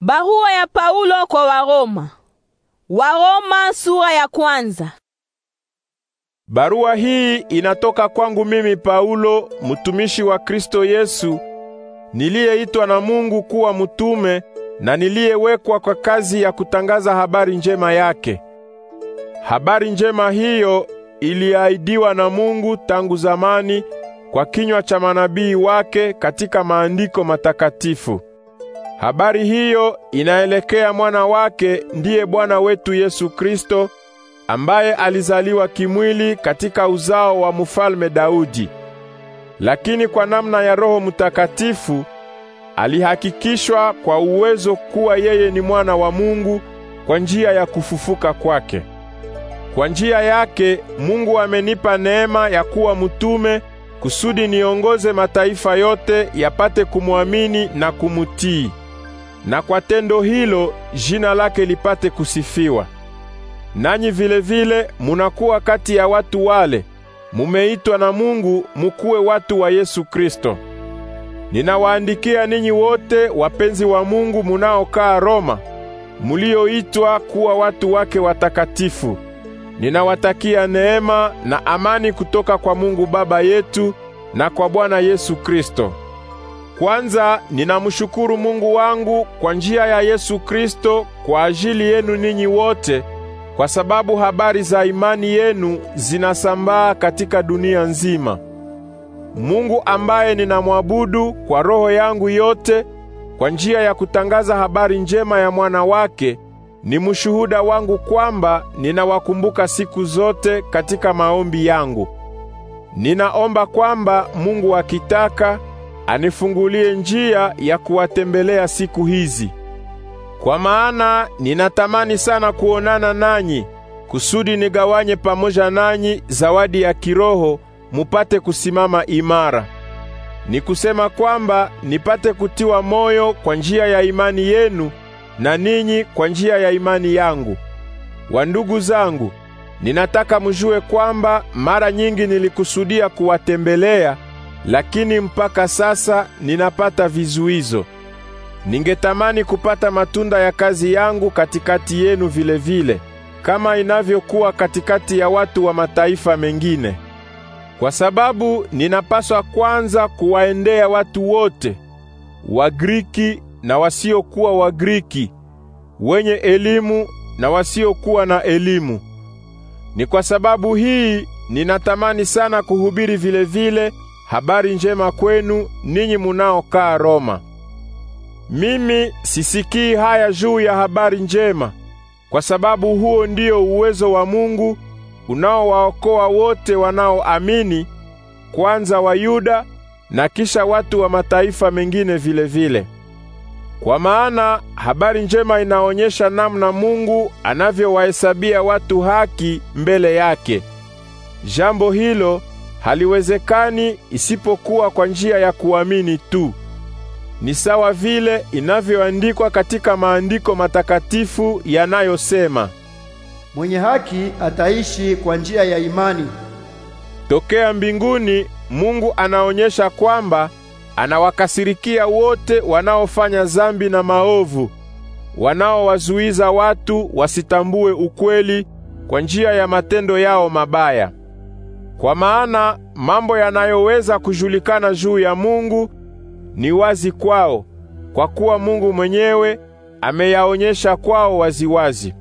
Barua ya Paulo kwa Waroma. Waroma sura ya kwanza. Barua hii inatoka kwangu mimi Paulo, mtumishi wa Kristo Yesu, niliyeitwa na Mungu kuwa mtume na niliyewekwa kwa kazi ya kutangaza habari njema yake. Habari njema hiyo iliahidiwa na Mungu tangu zamani kwa kinywa cha manabii wake katika maandiko matakatifu. Habari hiyo inaelekea mwana wake ndiye Bwana wetu Yesu Kristo ambaye alizaliwa kimwili katika uzao wa mfalme Daudi. Lakini kwa namna ya Roho Mtakatifu alihakikishwa kwa uwezo kuwa yeye ni mwana wa Mungu kwa njia ya kufufuka kwake. Kwa njia yake Mungu amenipa neema ya kuwa mtume kusudi niongoze mataifa yote yapate kumwamini na kumutii na kwa tendo hilo jina lake lipate kusifiwa. Nanyi vile vile munakuwa kati ya watu wale, mumeitwa na Mungu mukuwe watu wa Yesu Kristo. Ninawaandikia ninyi wote wapenzi wa Mungu munaokaa Roma, mulioitwa kuwa watu wake watakatifu. Ninawatakia neema na amani kutoka kwa Mungu Baba yetu na kwa Bwana Yesu Kristo. Kwanza ninamshukuru Mungu wangu kwa njia ya Yesu Kristo kwa ajili yenu ninyi wote, kwa sababu habari za imani yenu zinasambaa katika dunia nzima. Mungu ambaye ninamwabudu kwa roho yangu yote kwa njia ya kutangaza habari njema ya mwana wake ni mshuhuda wangu kwamba ninawakumbuka siku zote katika maombi yangu. Ninaomba kwamba Mungu akitaka anifungulie njia ya kuwatembelea siku hizi, kwa maana ninatamani sana kuonana nanyi, kusudi nigawanye pamoja nanyi zawadi ya kiroho, mupate kusimama imara. Ni kusema kwamba nipate kutiwa moyo kwa njia ya imani yenu na ninyi kwa njia ya imani yangu. Wandugu zangu, ninataka mjue kwamba mara nyingi nilikusudia kuwatembelea lakini mpaka sasa ninapata vizuizo. Ningetamani kupata matunda ya kazi yangu katikati yenu vile vile, kama inavyokuwa katikati ya watu wa mataifa mengine, kwa sababu ninapaswa kwanza kuwaendea watu wote, Wagriki na wasiokuwa Wagriki, wenye elimu na wasiokuwa na elimu. Ni kwa sababu hii ninatamani sana kuhubiri vile vile habari njema kwenu ninyi munaokaa Roma. Mimi sisikii haya juu ya habari njema, kwa sababu huo ndio uwezo wa Mungu unaowaokoa wote wanaoamini, kwanza Wayuda na kisha watu wa mataifa mengine vile vile. Kwa maana habari njema inaonyesha namna Mungu anavyowahesabia watu haki mbele yake. Jambo hilo haliwezekani isipokuwa kwa njia ya kuamini tu. Ni sawa vile inavyoandikwa katika maandiko matakatifu yanayosema, mwenye haki ataishi kwa njia ya imani. Tokea mbinguni Mungu anaonyesha kwamba anawakasirikia wote wanaofanya zambi na maovu, wanaowazuiza watu wasitambue ukweli kwa njia ya matendo yao mabaya. Kwa maana mambo yanayoweza kujulikana juu ya Mungu ni wazi kwao, kwa kuwa Mungu mwenyewe ameyaonyesha kwao waziwazi.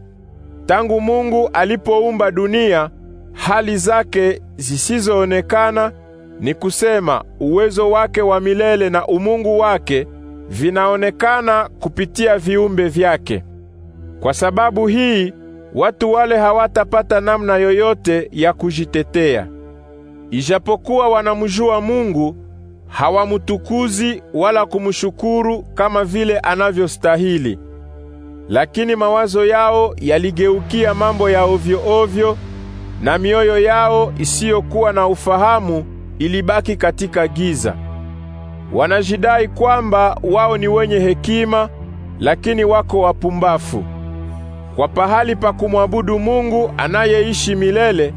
Tangu Mungu alipoumba dunia, hali zake zisizoonekana, ni kusema uwezo wake wa milele na umungu wake, vinaonekana kupitia viumbe vyake. Kwa sababu hii, watu wale hawatapata namna yoyote ya kujitetea. Ijapokuwa wanamjua Mungu, hawamtukuzi wala kumshukuru kama vile anavyostahili. Lakini mawazo yao yaligeukia mambo ya ovyo ovyo, na mioyo yao isiyokuwa na ufahamu ilibaki katika giza. Wanajidai kwamba wao ni wenye hekima, lakini wako wapumbafu. Kwa pahali pa kumwabudu Mungu anayeishi milele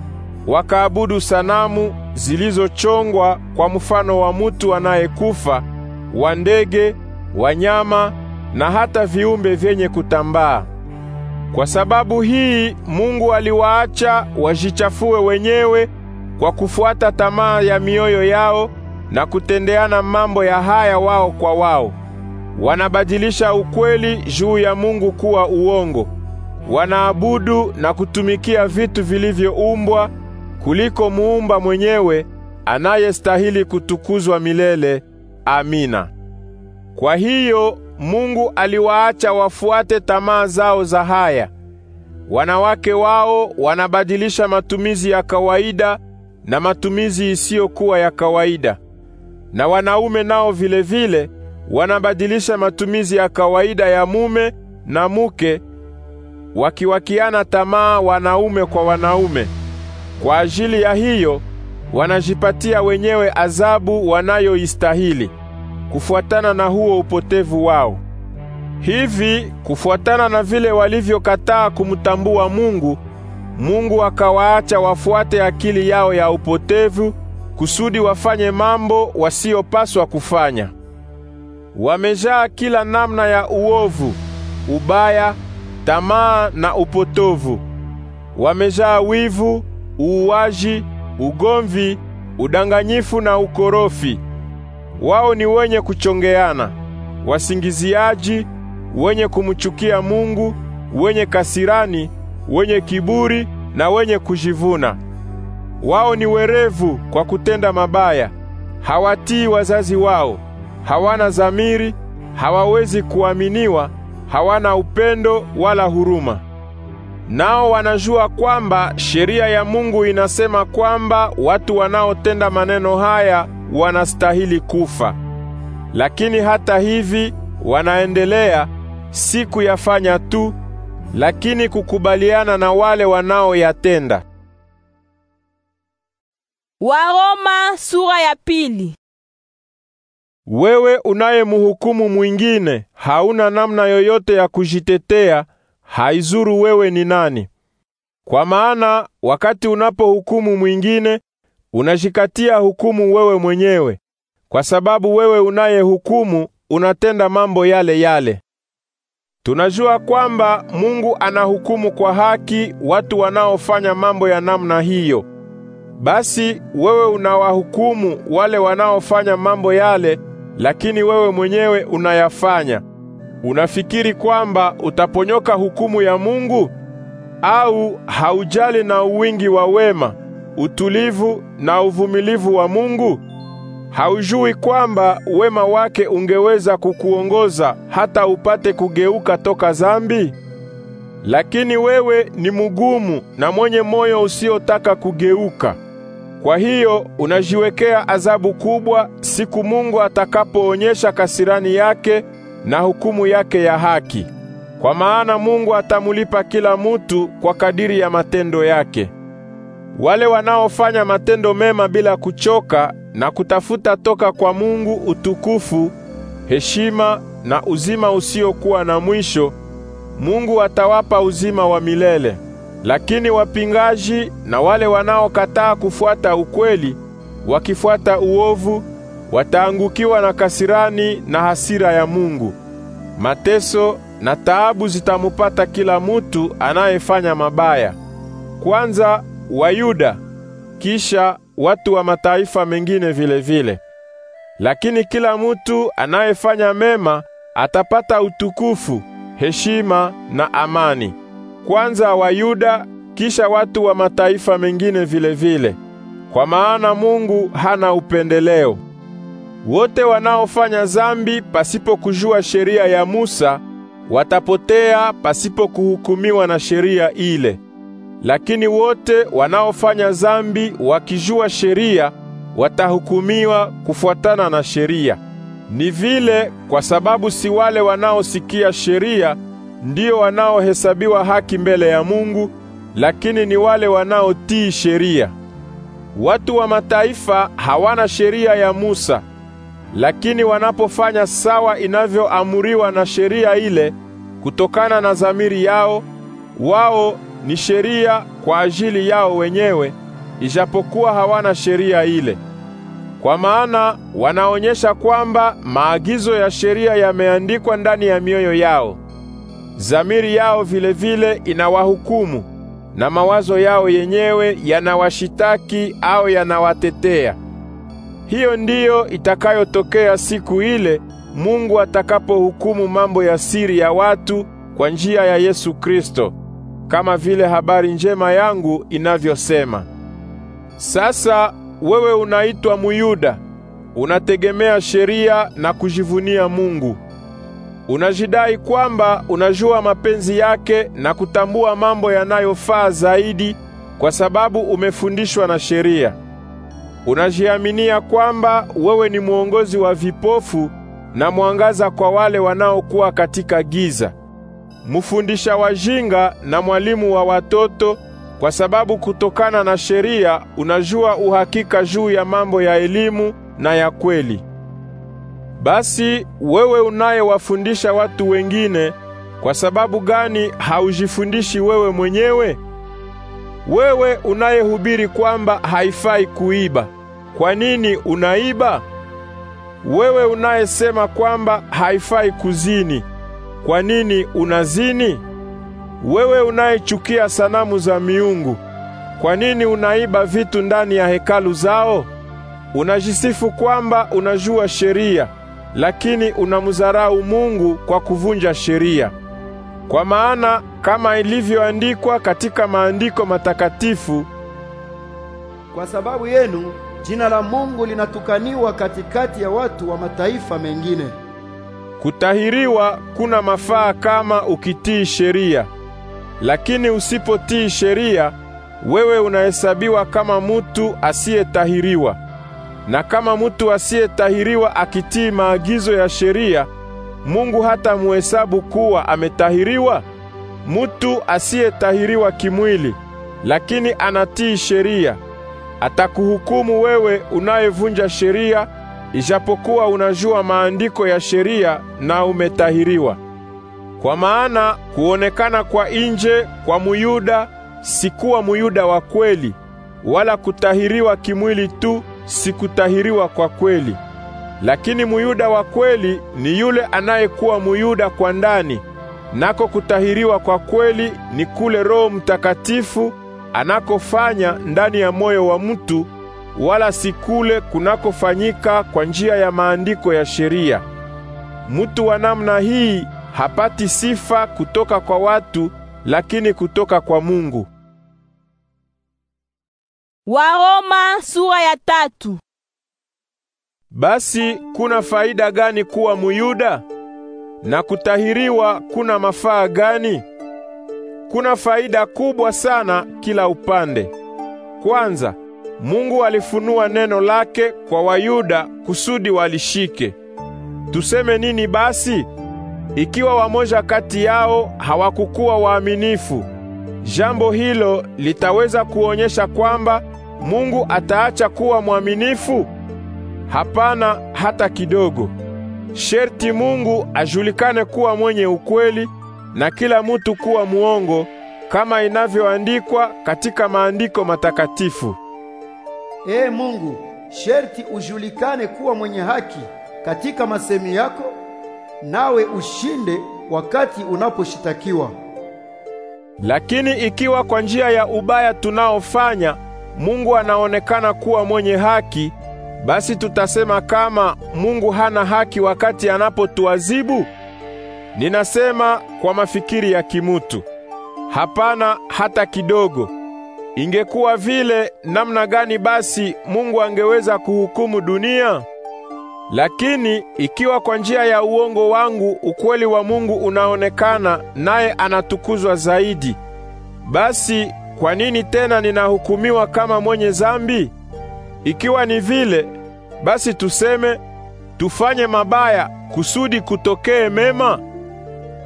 wakaabudu sanamu zilizochongwa kwa mfano wa mutu anayekufa, wa ndege, wanyama na hata viumbe vyenye kutambaa. Kwa sababu hii Mungu aliwaacha wajichafue wenyewe kwa kufuata tamaa ya mioyo yao na kutendeana mambo ya haya wao kwa wao. Wanabadilisha ukweli juu ya Mungu kuwa uongo. Wanaabudu na kutumikia vitu vilivyoumbwa kuliko muumba mwenyewe anayestahili kutukuzwa milele. Amina. Kwa hiyo Mungu aliwaacha wafuate tamaa zao za haya. Wanawake wao wanabadilisha matumizi ya kawaida na matumizi isiyokuwa ya kawaida, na wanaume nao vilevile vile, wanabadilisha matumizi ya kawaida ya mume na muke, wakiwakiana tamaa wanaume kwa wanaume. Kwa ajili ya hiyo wanajipatia wenyewe adhabu wanayoistahili kufuatana na huo upotevu wao. Hivi kufuatana na vile walivyokataa kumtambua Mungu, Mungu akawaacha wafuate akili yao ya upotevu kusudi wafanye mambo wasiyopaswa kufanya. Wamejaa kila namna ya uovu, ubaya, tamaa na upotovu. Wamejaa wivu, uuaji, ugomvi, udanganyifu na ukorofi. Wao ni wenye kuchongeana, wasingiziaji, wenye kumchukia Mungu, wenye kasirani, wenye kiburi na wenye kujivuna. Wao ni werevu kwa kutenda mabaya, hawatii wazazi wao, hawana zamiri hawawezi kuaminiwa, hawana upendo wala huruma. Nao wanajua kwamba sheria ya Mungu inasema kwamba watu wanaotenda maneno haya wanastahili kufa. Lakini hata hivi wanaendelea si kuyafanya tu, lakini kukubaliana na wale wanaoyatenda. Waroma sura ya pili. Wewe unayemhukumu mwingine hauna namna yoyote ya kujitetea haizuru wewe ni nani, kwa maana wakati unapohukumu mwingine unashikatia hukumu wewe mwenyewe, kwa sababu wewe unayehukumu unatenda mambo yale yale. Tunajua kwamba Mungu anahukumu kwa haki watu wanaofanya mambo ya namna hiyo. Basi wewe unawahukumu wale wanaofanya mambo yale, lakini wewe mwenyewe unayafanya. Unafikiri kwamba utaponyoka hukumu ya Mungu? Au haujali na uwingi wa wema, utulivu na uvumilivu wa Mungu? Haujui kwamba wema wake ungeweza kukuongoza hata upate kugeuka toka zambi? Lakini wewe ni mugumu na mwenye moyo usiotaka kugeuka. Kwa hiyo unajiwekea adhabu kubwa siku Mungu atakapoonyesha kasirani yake na hukumu yake ya haki, kwa maana Mungu atamulipa kila mutu kwa kadiri ya matendo yake. Wale wanaofanya matendo mema bila kuchoka na kutafuta toka kwa Mungu utukufu, heshima na uzima usiokuwa na mwisho, Mungu atawapa uzima wa milele. Lakini wapingaji na wale wanaokataa kufuata ukweli, wakifuata uovu wataangukiwa na kasirani na hasira ya Mungu. Mateso na taabu zitamupata kila mutu anayefanya mabaya, kwanza Wayuda, kisha watu wa mataifa mengine vile vile. Lakini kila mutu anayefanya mema atapata utukufu, heshima na amani, kwanza Wayuda, kisha watu wa mataifa mengine vile vile, kwa maana Mungu hana upendeleo. Wote wanaofanya zambi pasipo kujua sheria ya Musa watapotea pasipo kuhukumiwa na sheria ile. Lakini wote wanaofanya zambi wakijua sheria watahukumiwa kufuatana na sheria. Ni vile kwa sababu si wale wanaosikia sheria ndio wanaohesabiwa haki mbele ya Mungu, lakini ni wale wanaotii sheria. Watu wa mataifa hawana sheria ya Musa, lakini wanapofanya sawa inavyoamuriwa na sheria ile kutokana na zamiri yao wao, ni sheria kwa ajili yao wenyewe, ijapokuwa hawana sheria ile. Kwa maana wanaonyesha kwamba maagizo ya sheria yameandikwa ndani ya mioyo yao. zamiri yao vilevile inawahukumu na mawazo yao yenyewe yanawashitaki au yanawatetea. Hiyo ndiyo itakayotokea siku ile Mungu atakapohukumu mambo ya siri ya watu kwa njia ya Yesu Kristo, kama vile habari njema yangu inavyosema. Sasa wewe unaitwa Muyuda, unategemea sheria na kujivunia Mungu. Unajidai kwamba unajua mapenzi yake na kutambua mambo yanayofaa zaidi kwa sababu umefundishwa na sheria unajiaminia kwamba wewe ni mwongozi wa vipofu na mwangaza kwa wale wanaokuwa katika giza, mfundisha wajinga na mwalimu wa watoto, kwa sababu kutokana na sheria unajua uhakika juu ya mambo ya elimu na ya kweli. Basi wewe unayewafundisha watu wengine, kwa sababu gani haujifundishi wewe mwenyewe? Wewe unayehubiri kwamba haifai kuiba kwa nini unaiba? Wewe unayesema kwamba haifai kuzini, kwa nini unazini? Wewe unayechukia sanamu za miungu, kwa nini unaiba vitu ndani ya hekalu zao? Unajisifu kwamba unajua sheria, lakini unamdharau Mungu kwa kuvunja sheria. Kwa maana kama ilivyoandikwa katika maandiko matakatifu, kwa sababu yenu Jina la Mungu linatukaniwa katikati ya watu wa mataifa mengine. Kutahiriwa kuna mafaa kama ukitii sheria, lakini usipotii sheria, wewe unahesabiwa kama mutu asiyetahiriwa. Na kama mutu asiyetahiriwa akitii maagizo ya sheria, Mungu hata muhesabu kuwa ametahiriwa. Mutu asiyetahiriwa kimwili, lakini anatii sheria atakuhukumu wewe unayevunja sheria, ijapokuwa unajua maandiko ya sheria na umetahiriwa. Kwa maana kuonekana kwa nje kwa Muyuda si kuwa Muyuda wa kweli, wala kutahiriwa kimwili tu si kutahiriwa kwa kweli. Lakini Muyuda wa kweli ni yule anayekuwa Muyuda kwa ndani, nako kutahiriwa kwa kweli ni kule Roho Mtakatifu anakofanya ndani ya moyo wa mtu, wala si kule kunakofanyika kwa njia ya maandiko ya sheria. Mtu wa namna hii hapati sifa kutoka kwa watu, lakini kutoka kwa Mungu. Waroma sura ya tatu. Basi kuna faida gani kuwa Muyuda? Na kutahiriwa kuna mafaa gani? Kuna faida kubwa sana kila upande. Kwanza, Mungu alifunua neno lake kwa Wayuda kusudi walishike. Tuseme nini basi? Ikiwa wamoja kati yao hawakukuwa waaminifu, jambo hilo litaweza kuonyesha kwamba Mungu ataacha kuwa mwaminifu? Hapana hata kidogo. Sherti Mungu ajulikane kuwa mwenye ukweli na kila mutu kuwa muongo kama inavyoandikwa katika maandiko matakatifu. Ee Mungu, sherti ujulikane kuwa mwenye haki katika masemi yako, nawe ushinde wakati unaposhitakiwa. Lakini ikiwa kwa njia ya ubaya tunaofanya Mungu anaonekana kuwa mwenye haki, basi tutasema kama Mungu hana haki wakati anapotuadhibu? Ninasema kwa mafikiri ya kimutu, hapana hata kidogo. Ingekuwa vile namna gani basi Mungu angeweza kuhukumu dunia? Lakini ikiwa kwa njia ya uongo wangu ukweli wa Mungu unaonekana naye anatukuzwa zaidi, basi kwa nini tena ninahukumiwa kama mwenye zambi? Ikiwa ni vile, basi tuseme tufanye mabaya kusudi kutokee mema?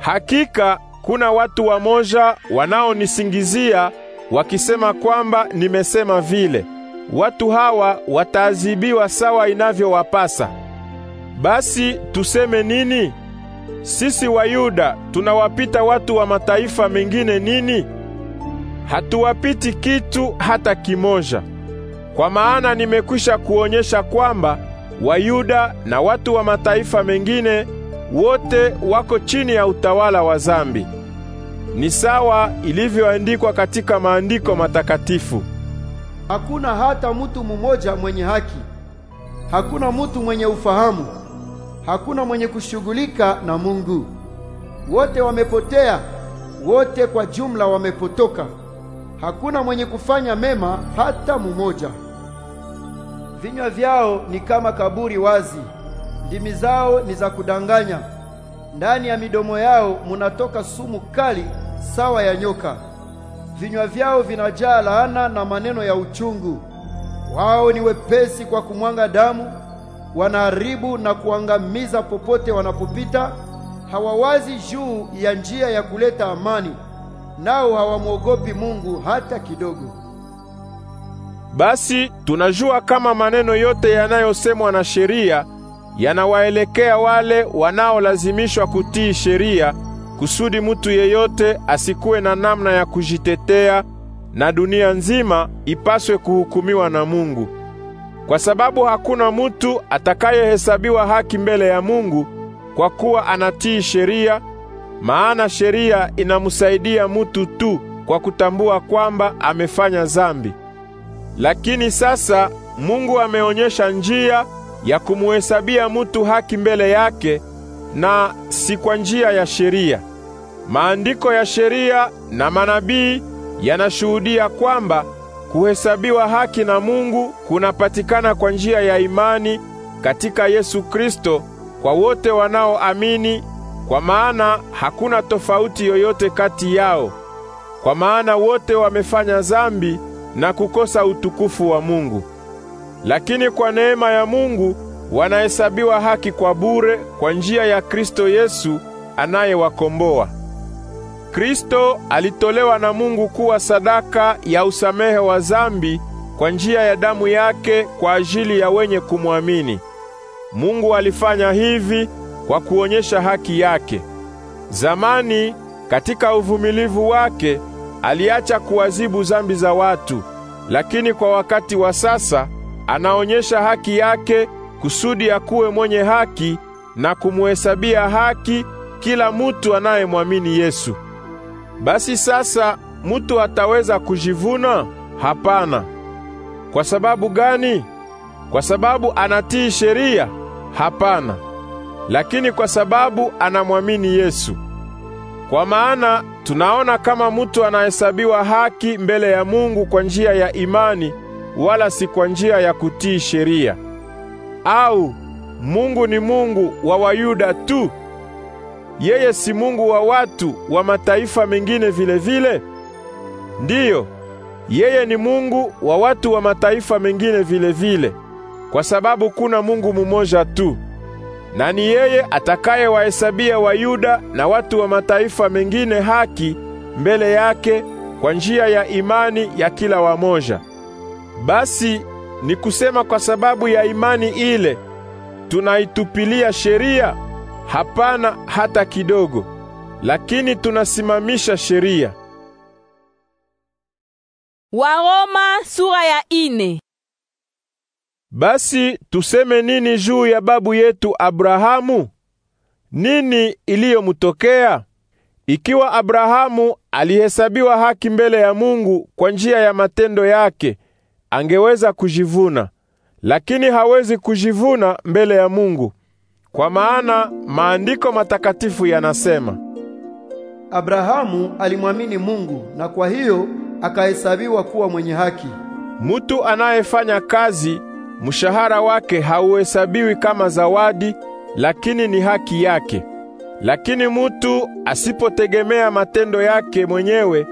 Hakika kuna watu wamoja wanaonisingizia wakisema kwamba nimesema vile. Watu hawa wataadhibiwa sawa inavyowapasa. Basi tuseme nini? Sisi Wayuda tunawapita watu wa mataifa mengine nini? Hatuwapiti kitu hata kimoja. Kwa maana nimekwisha kuonyesha kwamba Wayuda na watu wa mataifa mengine wote wako chini ya utawala wa zambi. Ni sawa ilivyoandikwa katika maandiko matakatifu, hakuna hata mutu mumoja mwenye haki, hakuna mutu mwenye ufahamu, hakuna mwenye kushughulika na Mungu. Wote wamepotea, wote kwa jumla wamepotoka, hakuna mwenye kufanya mema hata mumoja. Vinywa vyao ni kama kaburi wazi ndimi zao ni za kudanganya, ndani ya midomo yao munatoka sumu kali sawa ya nyoka. Vinywa vyao vinajaa laana na maneno ya uchungu. Wao ni wepesi kwa kumwanga damu, wanaharibu na kuangamiza popote wanapopita. Hawawazi juu ya njia ya kuleta amani, nao hawamwogopi Mungu hata kidogo. Basi tunajua kama maneno yote yanayosemwa na sheria yanawaelekea wale wanaolazimishwa kutii sheria, kusudi mutu yeyote asikuwe na namna ya kujitetea, na dunia nzima ipaswe kuhukumiwa na Mungu, kwa sababu hakuna mutu atakayehesabiwa haki mbele ya Mungu kwa kuwa anatii sheria. Maana sheria inamsaidia mutu tu kwa kutambua kwamba amefanya zambi. Lakini sasa Mungu ameonyesha njia ya kumuhesabia mutu haki mbele yake na si kwa njia ya sheria. Maandiko ya sheria na manabii yanashuhudia kwamba kuhesabiwa haki na Mungu kunapatikana kwa njia ya imani katika Yesu Kristo kwa wote wanaoamini, kwa maana hakuna tofauti yoyote kati yao, kwa maana wote wamefanya zambi na kukosa utukufu wa Mungu lakini kwa neema ya Mungu wanahesabiwa haki kwa bure kwa njia ya Kristo Yesu anayewakomboa. Kristo alitolewa na Mungu kuwa sadaka ya usamehe wa zambi kwa njia ya damu yake kwa ajili ya wenye kumwamini. Mungu alifanya hivi kwa kuonyesha haki yake. Zamani katika uvumilivu wake aliacha kuwazibu zambi za watu, lakini kwa wakati wa sasa anaonyesha haki yake kusudi akuwe mwenye haki na kumuhesabia haki kila mutu anayemwamini Yesu. Basi sasa mutu ataweza kujivuna? Hapana. Kwa sababu gani? Kwa sababu anatii sheria? Hapana. Lakini kwa sababu anamwamini Yesu. Kwa maana tunaona kama mutu anahesabiwa haki mbele ya Mungu kwa njia ya imani wala si kwa njia ya kutii sheria. Au Mungu ni Mungu wa Wayuda tu? Yeye si Mungu wa watu wa mataifa mengine vile vile? Ndiyo, yeye ni Mungu wa watu wa mataifa mengine vile vile, kwa sababu kuna Mungu mumoja tu, na ni yeye atakayewahesabia Wayuda na watu wa mataifa mengine haki mbele yake kwa njia ya imani ya kila wamoja. Basi ni kusema kwa sababu ya imani ile tunaitupilia sheria? Hapana hata kidogo. Lakini tunasimamisha sheria. Waroma sura ya ine. Basi tuseme nini juu ya babu yetu Abrahamu? Nini iliyomutokea? Ikiwa Abrahamu alihesabiwa haki mbele ya Mungu kwa njia ya matendo yake, angeweza kujivuna, lakini hawezi kujivuna mbele ya Mungu, kwa maana maandiko matakatifu yanasema, Abrahamu alimwamini Mungu na kwa hiyo akahesabiwa kuwa mwenye haki. Mutu anayefanya kazi, mshahara wake hauhesabiwi kama zawadi, lakini ni haki yake. Lakini mutu asipotegemea matendo yake mwenyewe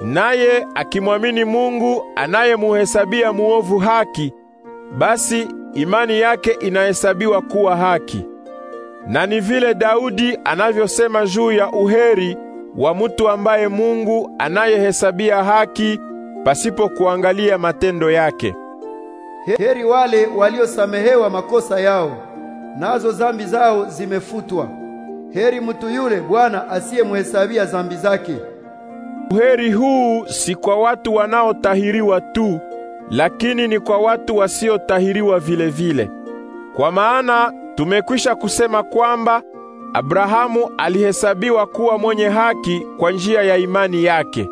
Naye akimwamini Mungu anayemuhesabia muovu haki, basi imani yake inahesabiwa kuwa haki. Na ni vile Daudi anavyosema juu ya uheri wa mtu ambaye Mungu anayehesabia haki pasipo kuangalia matendo yake. Heri wale waliosamehewa makosa yao, nazo zambi zao zimefutwa. Heri mtu yule Bwana asiyemhesabia zambi zake. Uheri huu si kwa watu wanaotahiriwa tu, lakini ni kwa watu wasiotahiriwa vilevile. Kwa maana tumekwisha kusema kwamba Abrahamu alihesabiwa kuwa mwenye haki kwa njia ya imani yake.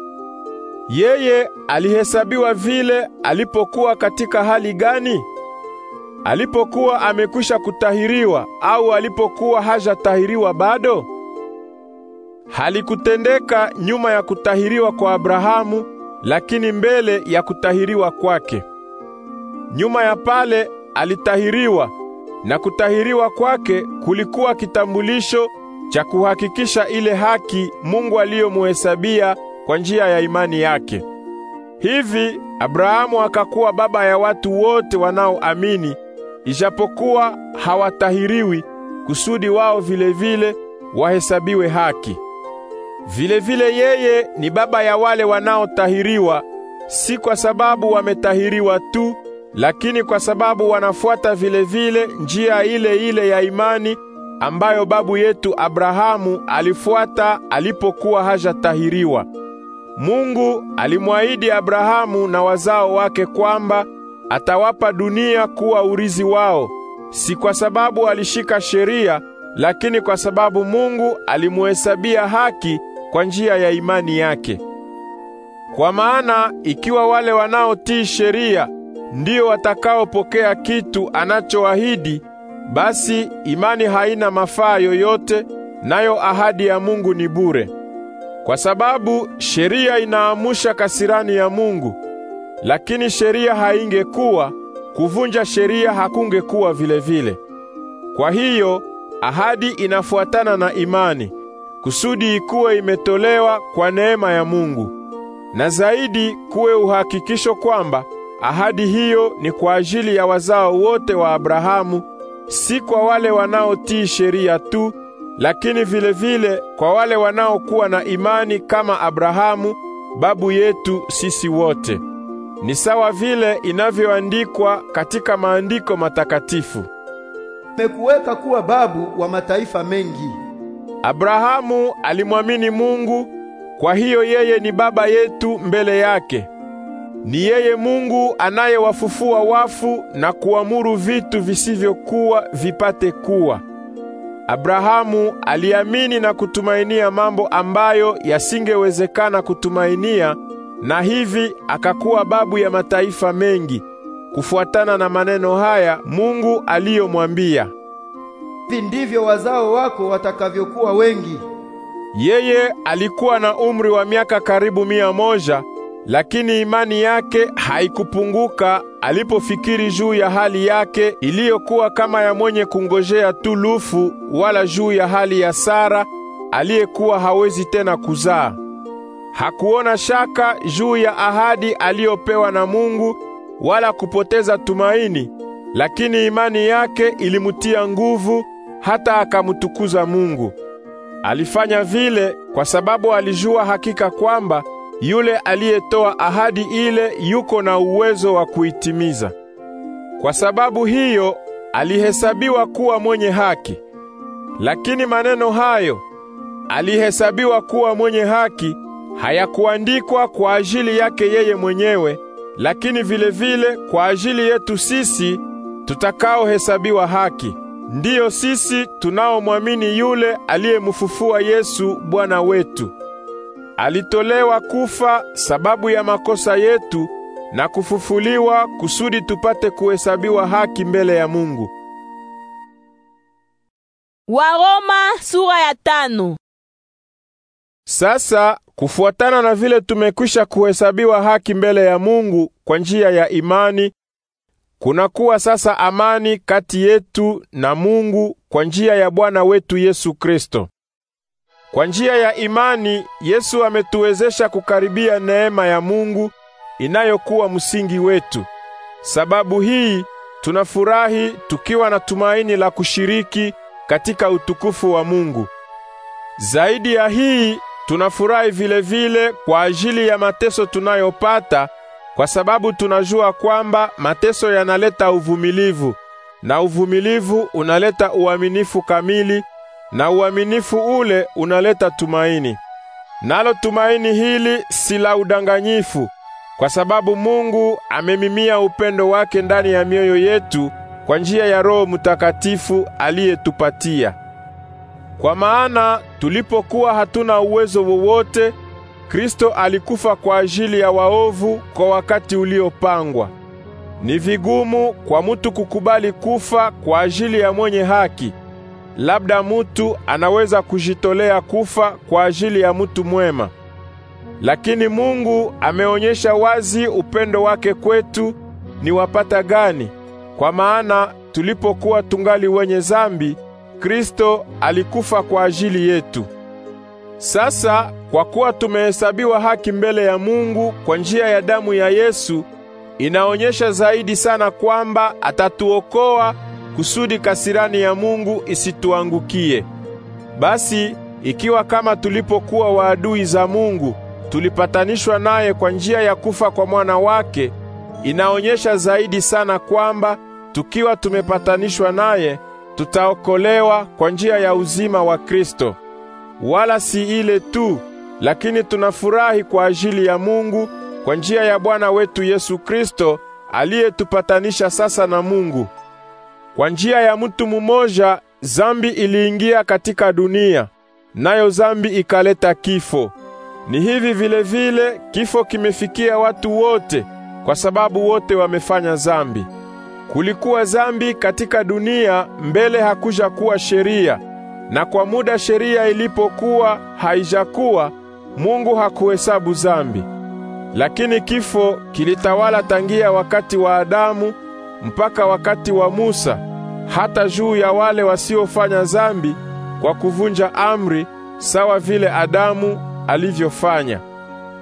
Yeye alihesabiwa vile alipokuwa katika hali gani? Alipokuwa amekwisha kutahiriwa au alipokuwa hajatahiriwa bado? halikutendeka nyuma ya kutahiriwa kwa Abrahamu, lakini mbele ya kutahiriwa kwake. Nyuma ya pale alitahiriwa, na kutahiriwa kwake kulikuwa kitambulisho cha kuhakikisha ile haki Mungu aliyomuhesabia kwa njia ya imani yake. Hivi Abrahamu akakuwa baba ya watu wote wanaoamini, ijapokuwa hawatahiriwi, kusudi wao vilevile vile wahesabiwe haki. Vilevile yeye ni baba ya wale wanaotahiriwa, si kwa sababu wametahiriwa tu, lakini kwa sababu wanafuata vilevile njia ile ile ya imani ambayo babu yetu Abrahamu alifuata alipokuwa hajatahiriwa. Mungu alimwahidi Abrahamu na wazao wake kwamba atawapa dunia kuwa urizi wao, si kwa sababu alishika sheria, lakini kwa sababu Mungu alimuhesabia haki kwa njia ya imani yake. Kwa maana ikiwa wale wanaotii sheria ndio watakaopokea kitu anachoahidi, basi imani haina mafaa yoyote, nayo ahadi ya Mungu ni bure. Kwa sababu sheria inaamusha kasirani ya Mungu, lakini sheria haingekuwa, kuvunja sheria hakungekuwa vile vile. Kwa hiyo ahadi inafuatana na imani kusudi ikuwe imetolewa kwa neema ya Mungu, na zaidi kuwe uhakikisho kwamba ahadi hiyo ni kwa ajili ya wazao wote wa Abrahamu, si kwa wale wanaotii sheria tu, lakini vile vile kwa wale wanaokuwa na imani kama Abrahamu babu yetu sisi wote. Ni sawa vile inavyoandikwa katika maandiko matakatifu, Mekuweka kuwa babu wa mataifa mengi. Abrahamu alimwamini Mungu, kwa hiyo yeye ni baba yetu mbele yake. Ni yeye Mungu anayewafufua wafu na kuamuru vitu visivyokuwa vipate kuwa. Abrahamu aliamini na kutumainia mambo ambayo yasingewezekana kutumainia na hivi akakuwa babu ya mataifa mengi, kufuatana na maneno haya Mungu aliyomwambia hivi ndivyo wazao wako watakavyokuwa wengi. Yeye alikuwa na umri wa miaka karibu mia moja, lakini imani yake haikupunguka alipofikiri juu ya hali yake iliyokuwa kama ya mwenye kungojea tulufu, wala juu ya hali ya Sara aliyekuwa hawezi tena kuzaa. Hakuona shaka juu ya ahadi aliyopewa na Mungu wala kupoteza tumaini, lakini imani yake ilimtia nguvu hata akamtukuza Mungu. Alifanya vile kwa sababu alijua hakika kwamba yule aliyetoa ahadi ile yuko na uwezo wa kuitimiza. Kwa sababu hiyo alihesabiwa kuwa mwenye haki. Lakini maneno hayo alihesabiwa kuwa mwenye haki hayakuandikwa kwa ajili yake yeye mwenyewe, lakini vile vile kwa ajili yetu sisi tutakaohesabiwa haki. Ndiyo sisi tunaomwamini yule aliyemfufua Yesu Bwana wetu. Alitolewa kufa sababu ya makosa yetu na kufufuliwa kusudi tupate kuhesabiwa haki mbele ya Mungu. Waroma sura ya tano. Sasa kufuatana na vile tumekwisha kuhesabiwa haki mbele ya Mungu kwa njia ya imani Kunakuwa sasa amani kati yetu na Mungu kwa njia ya Bwana wetu Yesu Kristo. Kwa njia ya imani Yesu ametuwezesha kukaribia neema ya Mungu inayokuwa msingi wetu. Sababu hii tunafurahi tukiwa na tumaini la kushiriki katika utukufu wa Mungu. Zaidi ya hii tunafurahi vile vile kwa ajili ya mateso tunayopata kwa sababu tunajua kwamba mateso yanaleta uvumilivu na uvumilivu unaleta uaminifu kamili na uaminifu ule unaleta tumaini. Nalo tumaini hili si la udanganyifu, kwa sababu Mungu amemimia upendo wake ndani ya mioyo yetu kwa njia ya Roho Mtakatifu aliyetupatia. Kwa maana tulipokuwa hatuna uwezo wowote Kristo alikufa kwa ajili ya waovu kwa wakati uliopangwa. Ni vigumu kwa mutu kukubali kufa kwa ajili ya mwenye haki. Labda mutu anaweza kujitolea kufa kwa ajili ya mutu mwema. Lakini Mungu ameonyesha wazi upendo wake kwetu ni wapata gani, kwa maana tulipokuwa tungali wenye zambi, Kristo alikufa kwa ajili yetu. Sasa kwa kuwa tumehesabiwa haki mbele ya Mungu kwa njia ya damu ya Yesu, inaonyesha zaidi sana kwamba atatuokoa kusudi kasirani ya Mungu isituangukie. Basi ikiwa kama tulipokuwa waadui za Mungu, tulipatanishwa naye kwa njia ya kufa kwa mwana wake, inaonyesha zaidi sana kwamba tukiwa tumepatanishwa naye, tutaokolewa kwa njia ya uzima wa Kristo wala si ile tu, lakini tunafurahi kwa ajili ya Mungu kwa njia ya Bwana wetu Yesu Kristo aliyetupatanisha sasa na Mungu. Kwa njia ya mtu mmoja zambi iliingia katika dunia, nayo zambi ikaleta kifo. Ni hivi vile vile kifo kimefikia watu wote kwa sababu wote wamefanya zambi. Kulikuwa zambi katika dunia mbele hakuja kuwa sheria, na kwa muda sheria ilipokuwa haijakuwa, Mungu hakuhesabu zambi. Lakini kifo kilitawala tangia wakati wa Adamu mpaka wakati wa Musa, hata juu ya wale wasiofanya zambi kwa kuvunja amri, sawa vile Adamu alivyofanya.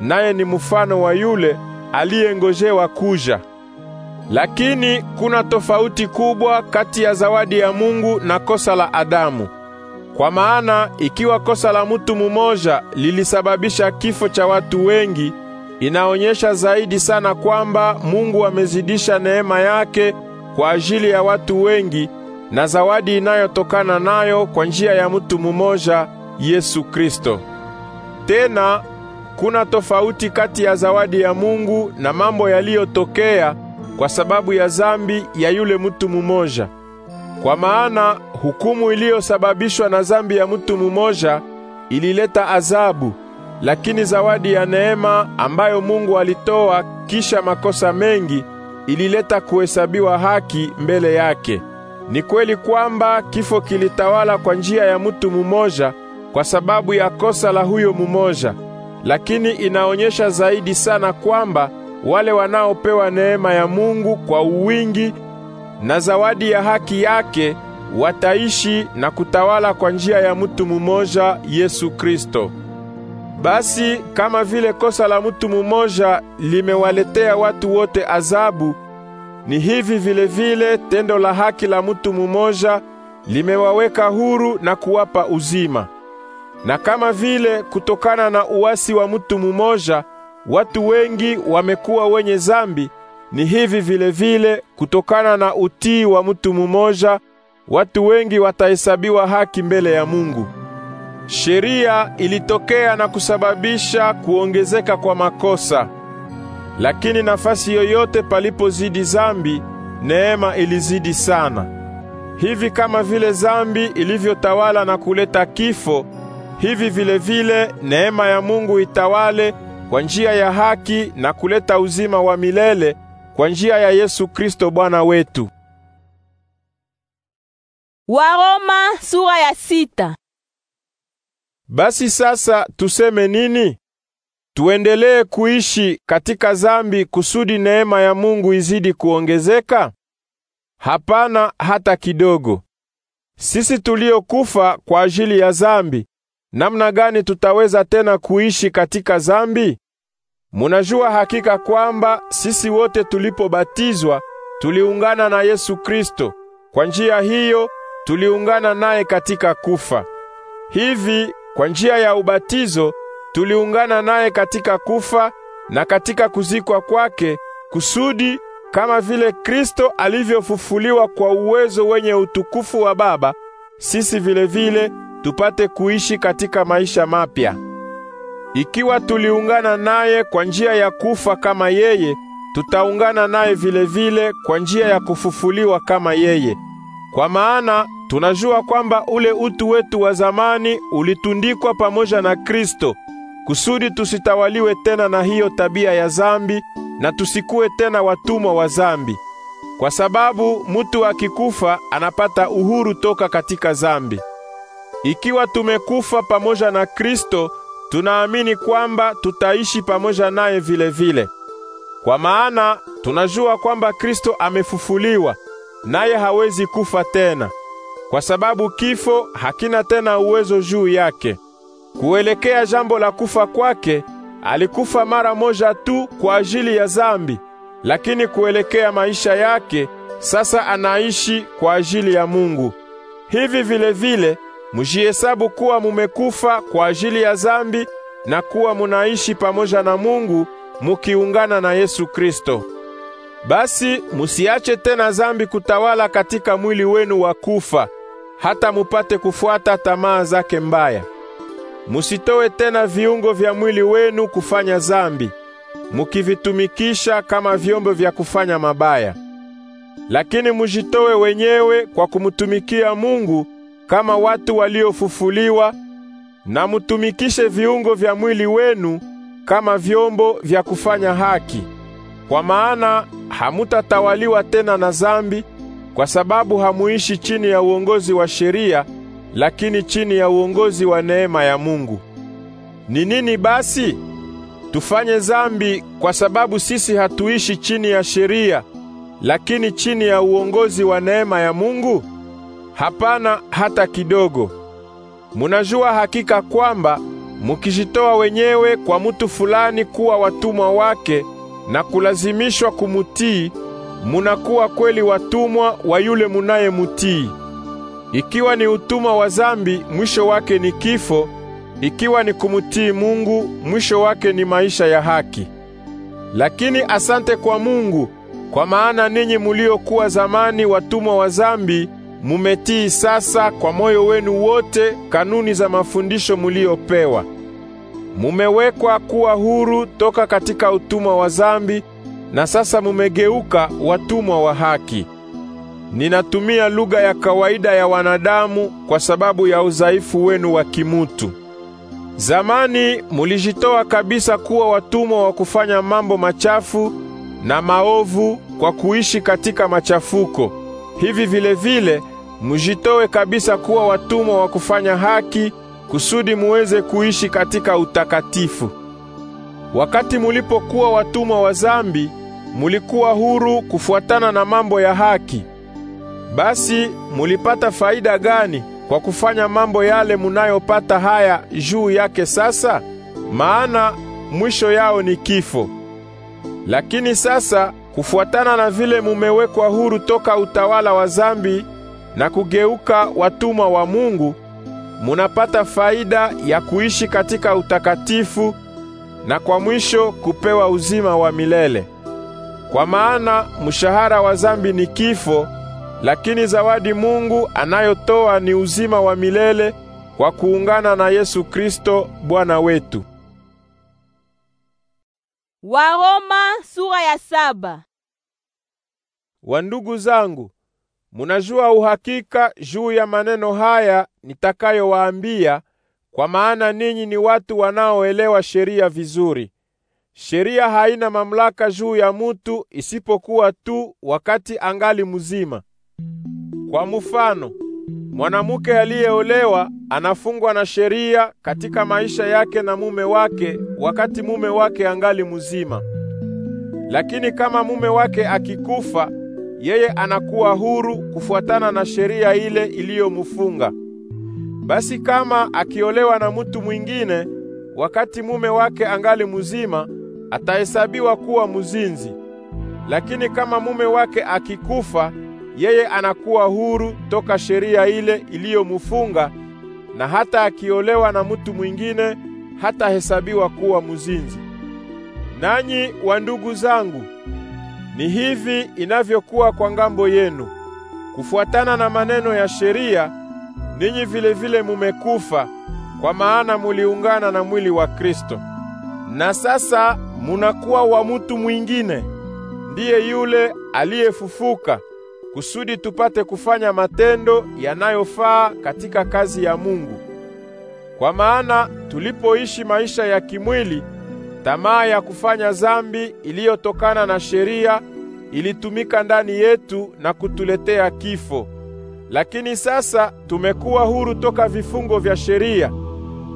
Naye ni mfano wa yule aliyengojewa kuja. Lakini kuna tofauti kubwa kati ya zawadi ya Mungu na kosa la Adamu. Kwa maana ikiwa kosa la mtu mumoja lilisababisha kifo cha watu wengi, inaonyesha zaidi sana kwamba Mungu amezidisha neema yake kwa ajili ya watu wengi na zawadi inayotokana nayo kwa njia ya mtu mumoja Yesu Kristo. Tena kuna tofauti kati ya zawadi ya Mungu na mambo yaliyotokea kwa sababu ya zambi ya yule mtu mumoja. Kwa maana hukumu iliyosababishwa na zambi ya mtu mmoja ilileta adhabu, lakini zawadi ya neema ambayo Mungu alitoa kisha makosa mengi ilileta kuhesabiwa haki mbele yake. Ni kweli kwamba kifo kilitawala kwa njia ya mtu mmoja kwa sababu ya kosa la huyo mmoja, lakini inaonyesha zaidi sana kwamba wale wanaopewa neema ya Mungu kwa uwingi na zawadi ya haki yake wataishi na kutawala kwa njia ya mutu mumoja Yesu Kristo. Basi kama vile kosa la mutu mumoja limewaletea watu wote azabu, ni hivi vile vile tendo la haki la mutu mumoja limewaweka huru na kuwapa uzima. Na kama vile kutokana na uasi wa mutu mumoja watu wengi wamekuwa wenye zambi, ni hivi vile vile, kutokana na utii wa mtu mmoja watu wengi watahesabiwa haki mbele ya Mungu. Sheria ilitokea na kusababisha kuongezeka kwa makosa, lakini nafasi yoyote palipozidi zambi, neema ilizidi sana. Hivi kama vile zambi ilivyotawala na kuleta kifo, hivi vile vile neema ya Mungu itawale kwa njia ya haki na kuleta uzima wa milele kwa njia ya Yesu Kristo Bwana wetu. Waroma sura ya sita. Basi sasa tuseme nini? Tuendelee kuishi katika zambi kusudi neema ya Mungu izidi kuongezeka? Hapana hata kidogo. Sisi tuliokufa kwa ajili ya zambi, namna gani tutaweza tena kuishi katika zambi? Munajua hakika kwamba sisi wote tulipobatizwa tuliungana na Yesu Kristo. Kwa njia hiyo tuliungana naye katika kufa. Hivi kwa njia ya ubatizo tuliungana naye katika kufa na katika kuzikwa kwake, kusudi kama vile Kristo alivyofufuliwa kwa uwezo wenye utukufu wa Baba, sisi vilevile vile tupate kuishi katika maisha mapya. Ikiwa tuliungana naye kwa njia ya kufa kama yeye, tutaungana naye vile vile kwa njia ya kufufuliwa kama yeye. Kwa maana tunajua kwamba ule utu wetu wa zamani ulitundikwa pamoja na Kristo kusudi tusitawaliwe tena na hiyo tabia ya zambi na tusikuwe tena watumwa wa zambi, kwa sababu mutu akikufa anapata uhuru toka katika zambi. Ikiwa tumekufa pamoja na Kristo, tunaamini kwamba tutaishi pamoja naye vile vile. Kwa maana tunajua kwamba Kristo amefufuliwa, naye hawezi kufa tena, kwa sababu kifo hakina tena uwezo juu yake. Kuelekea jambo la kufa kwake, alikufa mara moja tu kwa ajili ya zambi, lakini kuelekea maisha yake sasa anaishi kwa ajili ya Mungu. Hivi vile vile mjihesabu kuwa mumekufa kwa ajili ya zambi na kuwa munaishi pamoja na Mungu mukiungana na Yesu Kristo. Basi musiache tena zambi kutawala katika mwili wenu wa kufa, hata mupate kufuata tamaa zake mbaya. Musitowe tena viungo vya mwili wenu kufanya zambi, mukivitumikisha kama vyombo vya kufanya mabaya. Lakini mujitowe wenyewe kwa kumtumikia Mungu kama watu waliofufuliwa, na mutumikishe viungo vya mwili wenu kama vyombo vya kufanya haki, kwa maana hamutatawaliwa tena na zambi, kwa sababu hamuishi chini ya uongozi wa sheria, lakini chini ya uongozi wa neema ya Mungu. Ni nini basi? Tufanye zambi kwa sababu sisi hatuishi chini ya sheria, lakini chini ya uongozi wa neema ya Mungu? Hapana hata kidogo. Munajua hakika kwamba mukijitoa wenyewe kwa mutu fulani kuwa watumwa wake na kulazimishwa kumutii, munakuwa kweli watumwa wa yule munayemutii. Ikiwa ni utumwa wa zambi, mwisho wake ni kifo; ikiwa ni kumutii Mungu, mwisho wake ni maisha ya haki. Lakini asante kwa Mungu, kwa maana ninyi muliokuwa zamani watumwa wa zambi mumetii sasa kwa moyo wenu wote kanuni za mafundisho muliopewa. Mumewekwa kuwa huru toka katika utumwa wa zambi na sasa mumegeuka watumwa wa haki. Ninatumia lugha ya kawaida ya wanadamu kwa sababu ya udhaifu wenu wa kimutu. Zamani mulijitoa kabisa kuwa watumwa wa kufanya mambo machafu na maovu kwa kuishi katika machafuko. Hivi vile vile mujitowe kabisa kuwa watumwa wa kufanya haki kusudi muweze kuishi katika utakatifu. Wakati mulipokuwa watumwa wa zambi, mulikuwa huru kufuatana na mambo ya haki. Basi mulipata faida gani kwa kufanya mambo yale munayopata haya juu yake sasa? Maana mwisho yao ni kifo. Lakini sasa kufuatana na vile mumewekwa huru toka utawala wa zambi na kugeuka watumwa wa Mungu, munapata faida ya kuishi katika utakatifu na kwa mwisho kupewa uzima wa milele. Kwa maana mshahara wa zambi ni kifo, lakini zawadi Mungu anayotoa ni uzima wa milele kwa kuungana na Yesu Kristo Bwana wetu. Waroma sura ya saba. Wandugu zangu, Munajua uhakika juu ya maneno haya nitakayowaambia, kwa maana ninyi ni watu wanaoelewa sheria vizuri. Sheria haina mamlaka juu ya mutu isipokuwa tu wakati angali mzima. Kwa mfano, mwanamke aliyeolewa anafungwa na sheria katika maisha yake na mume wake wakati mume wake angali mzima. Lakini kama mume wake akikufa yeye anakuwa huru kufuatana na sheria ile iliyomufunga. Basi kama akiolewa na mutu mwingine wakati mume wake angali mzima, atahesabiwa kuwa mzinzi. Lakini kama mume wake akikufa, yeye anakuwa huru toka sheria ile iliyomufunga, na hata akiolewa na mutu mwingine hatahesabiwa kuwa mzinzi. Nanyi wandugu zangu, ni hivi inavyokuwa kwa ngambo yenu. Kufuatana na maneno ya sheria, ninyi vile vile mumekufa, kwa maana muliungana na mwili wa Kristo, na sasa munakuwa wa mutu mwingine, ndiye yule aliyefufuka, kusudi tupate kufanya matendo yanayofaa katika kazi ya Mungu. Kwa maana tulipoishi maisha ya kimwili Tamaa ya kufanya zambi iliyotokana na sheria ilitumika ndani yetu na kutuletea kifo. Lakini sasa tumekuwa huru toka vifungo vya sheria,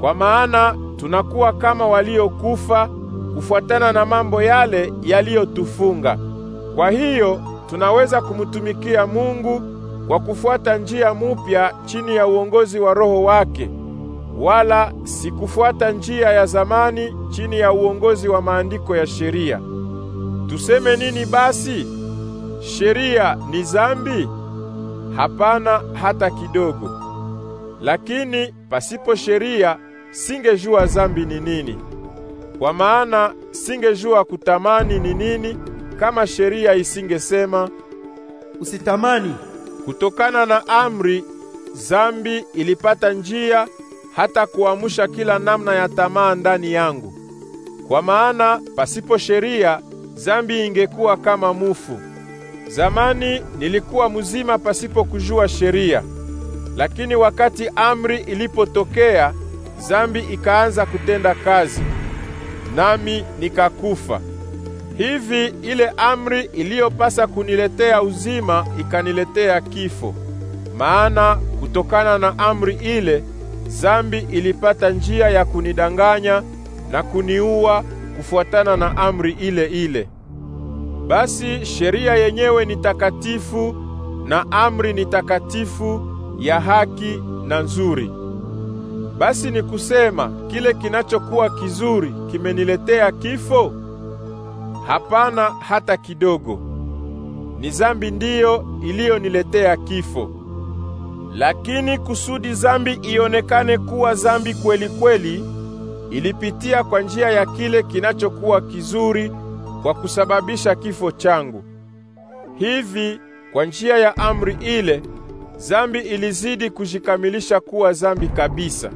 kwa maana tunakuwa kama waliokufa kufuatana na mambo yale yaliyotufunga. Kwa hiyo tunaweza kumtumikia Mungu kwa kufuata njia mupya chini ya uongozi wa Roho wake wala sikufuata njia ya zamani chini ya uongozi wa maandiko ya sheria. Tuseme nini basi? Sheria ni zambi? Hapana hata kidogo. Lakini pasipo sheria singejua zambi ni nini. Kwa maana singejua kutamani ni nini kama sheria isingesema usitamani. Kutokana na amri, zambi ilipata njia hata kuamsha kila namna ya tamaa ndani yangu. Kwa maana pasipo sheria zambi ingekuwa kama mufu. Zamani nilikuwa mzima pasipo kujua sheria, lakini wakati amri ilipotokea, zambi ikaanza kutenda kazi, nami nikakufa. Hivi ile amri iliyopasa kuniletea uzima ikaniletea kifo, maana kutokana na amri ile zambi ilipata njia ya kunidanganya na kuniua kufuatana na amri ile ile. Basi sheria yenyewe ni takatifu na amri ni takatifu ya haki na nzuri. Basi ni kusema kile kinachokuwa kizuri kimeniletea kifo? Hapana hata kidogo. Ni zambi ndiyo iliyoniletea kifo. Lakini kusudi zambi ionekane kuwa zambi kweli kweli, ilipitia kwa njia ya kile kinachokuwa kizuri kwa kusababisha kifo changu. Hivi kwa njia ya amri ile zambi ilizidi kujikamilisha kuwa zambi kabisa.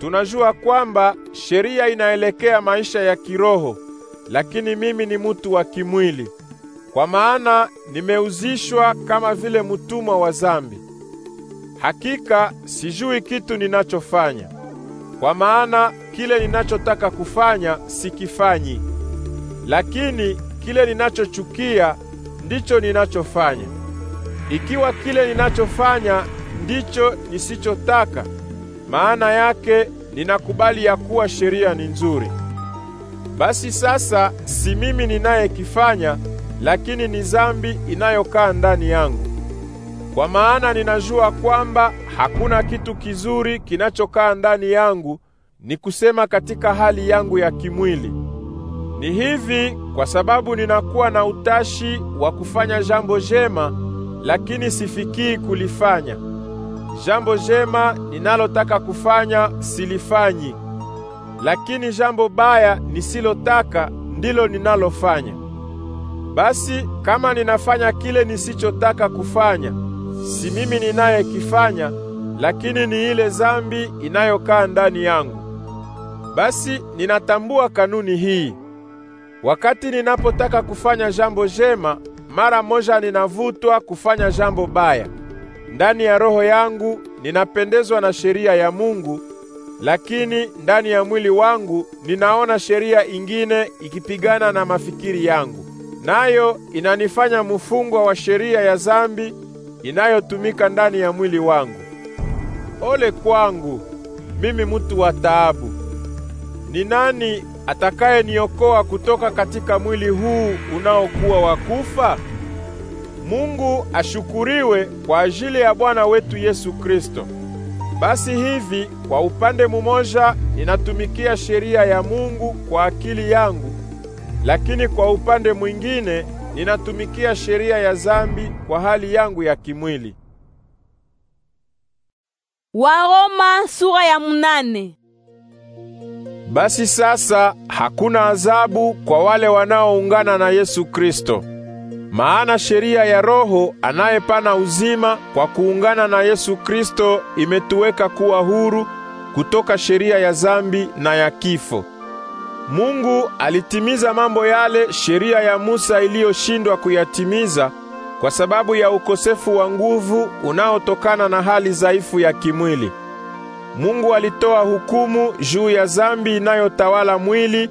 Tunajua kwamba sheria inaelekea maisha ya kiroho, lakini mimi ni mutu wa kimwili, kwa maana nimeuzishwa kama vile mtumwa wa zambi. Hakika sijui kitu ninachofanya, kwa maana kile ninachotaka kufanya sikifanyi, lakini kile ninachochukia ndicho ninachofanya. Ikiwa kile ninachofanya ndicho nisichotaka, maana yake ninakubali ya kuwa sheria ni nzuri. Basi sasa si mimi ninayekifanya, lakini ni dhambi inayokaa ndani yangu. Kwa maana ninajua kwamba hakuna kitu kizuri kinachokaa ndani yangu, ni kusema katika hali yangu ya kimwili. Ni hivi kwa sababu ninakuwa na utashi wa kufanya jambo jema, lakini sifikii kulifanya. Jambo jema ninalotaka kufanya silifanyi, lakini jambo baya nisilotaka ndilo ninalofanya. Basi kama ninafanya kile nisichotaka kufanya si mimi ninayekifanya, lakini ni ile zambi inayokaa ndani yangu. Basi ninatambua kanuni hii: wakati ninapotaka kufanya jambo jema, mara moja ninavutwa kufanya jambo baya. Ndani ya roho yangu ninapendezwa na sheria ya Mungu, lakini ndani ya mwili wangu ninaona sheria ingine ikipigana na mafikiri yangu, nayo inanifanya mfungwa wa sheria ya zambi inayotumika ndani ya mwili wangu. Ole kwangu mimi mutu wa taabu! Ni nani atakayeniokoa kutoka katika mwili huu unaokuwa wa kufa? Mungu ashukuriwe kwa ajili ya Bwana wetu Yesu Kristo. Basi hivi, kwa upande mumoja ninatumikia sheria ya Mungu kwa akili yangu, lakini kwa upande mwingine ninatumikia sheria ya zambi kwa hali yangu ya kimwili. Waroma sura ya munane. Basi sasa hakuna adhabu kwa wale wanaoungana na Yesu Kristo. Maana sheria ya Roho anayepana uzima kwa kuungana na Yesu Kristo imetuweka kuwa huru kutoka sheria ya zambi na ya kifo. Mungu alitimiza mambo yale sheria ya Musa iliyoshindwa kuyatimiza kwa sababu ya ukosefu wa nguvu unaotokana na hali dhaifu ya kimwili. Mungu alitoa hukumu juu ya zambi inayotawala mwili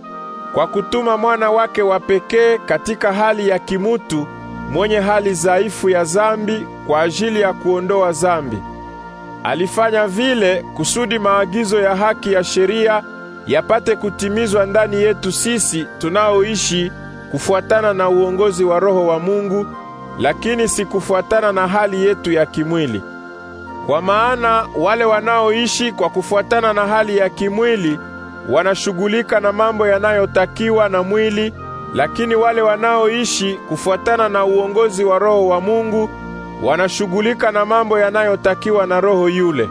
kwa kutuma mwana wake wa pekee katika hali ya kimutu mwenye hali dhaifu ya zambi kwa ajili ya kuondoa zambi Alifanya vile kusudi maagizo ya haki ya sheria yapate kutimizwa ndani yetu sisi tunaoishi kufuatana na uongozi wa Roho wa Mungu, lakini si kufuatana na hali yetu ya kimwili. Kwa maana wale wanaoishi kwa kufuatana na hali ya kimwili wanashughulika na mambo yanayotakiwa na mwili, lakini wale wanaoishi kufuatana na uongozi wa Roho wa Mungu wanashughulika na mambo yanayotakiwa na Roho yule.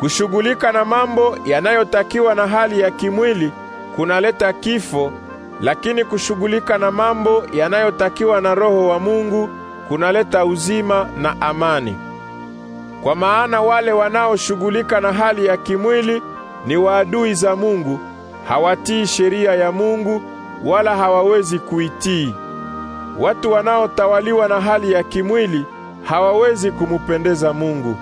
Kushughulika na mambo yanayotakiwa na hali ya kimwili kunaleta kifo, lakini kushughulika na mambo yanayotakiwa na Roho wa Mungu kunaleta uzima na amani. Kwa maana wale wanaoshughulika na hali ya kimwili ni waadui za Mungu, hawatii sheria ya Mungu wala hawawezi kuitii. Watu wanaotawaliwa na hali ya kimwili hawawezi kumupendeza Mungu.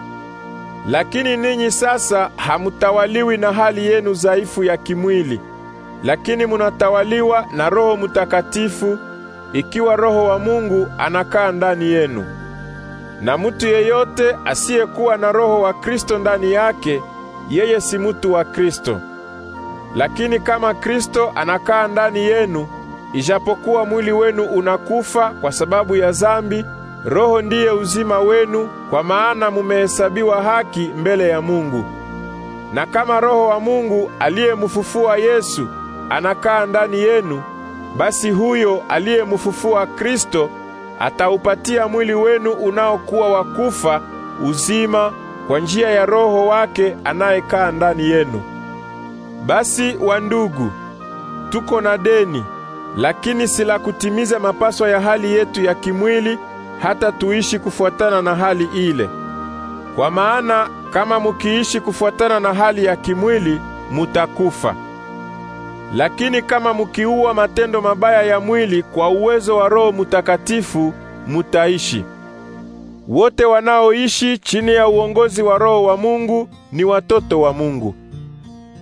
Lakini ninyi sasa hamutawaliwi na hali yenu dhaifu ya kimwili, lakini munatawaliwa na Roho Mutakatifu ikiwa Roho wa Mungu anakaa ndani yenu. Na mutu yeyote asiyekuwa na Roho wa Kristo ndani yake, yeye si mutu wa Kristo. Lakini kama Kristo anakaa ndani yenu, ijapokuwa mwili wenu unakufa kwa sababu ya zambi Roho ndiye uzima wenu, kwa maana mumehesabiwa haki mbele ya Mungu. Na kama Roho wa Mungu aliyemufufua Yesu anakaa ndani yenu, basi huyo aliyemufufua Kristo ataupatia mwili wenu unaokuwa wakufa uzima kwa njia ya Roho wake anayekaa ndani yenu. Basi wandugu, tuko na deni, lakini si la kutimiza mapaswa ya hali yetu ya kimwili hata tuishi kufuatana na hali ile. Kwa maana kama mukiishi kufuatana na hali ya kimwili mutakufa. Lakini kama mukiua matendo mabaya ya mwili kwa uwezo wa Roho Mutakatifu mutaishi. Wote wanaoishi chini ya uongozi wa Roho wa Mungu ni watoto wa Mungu.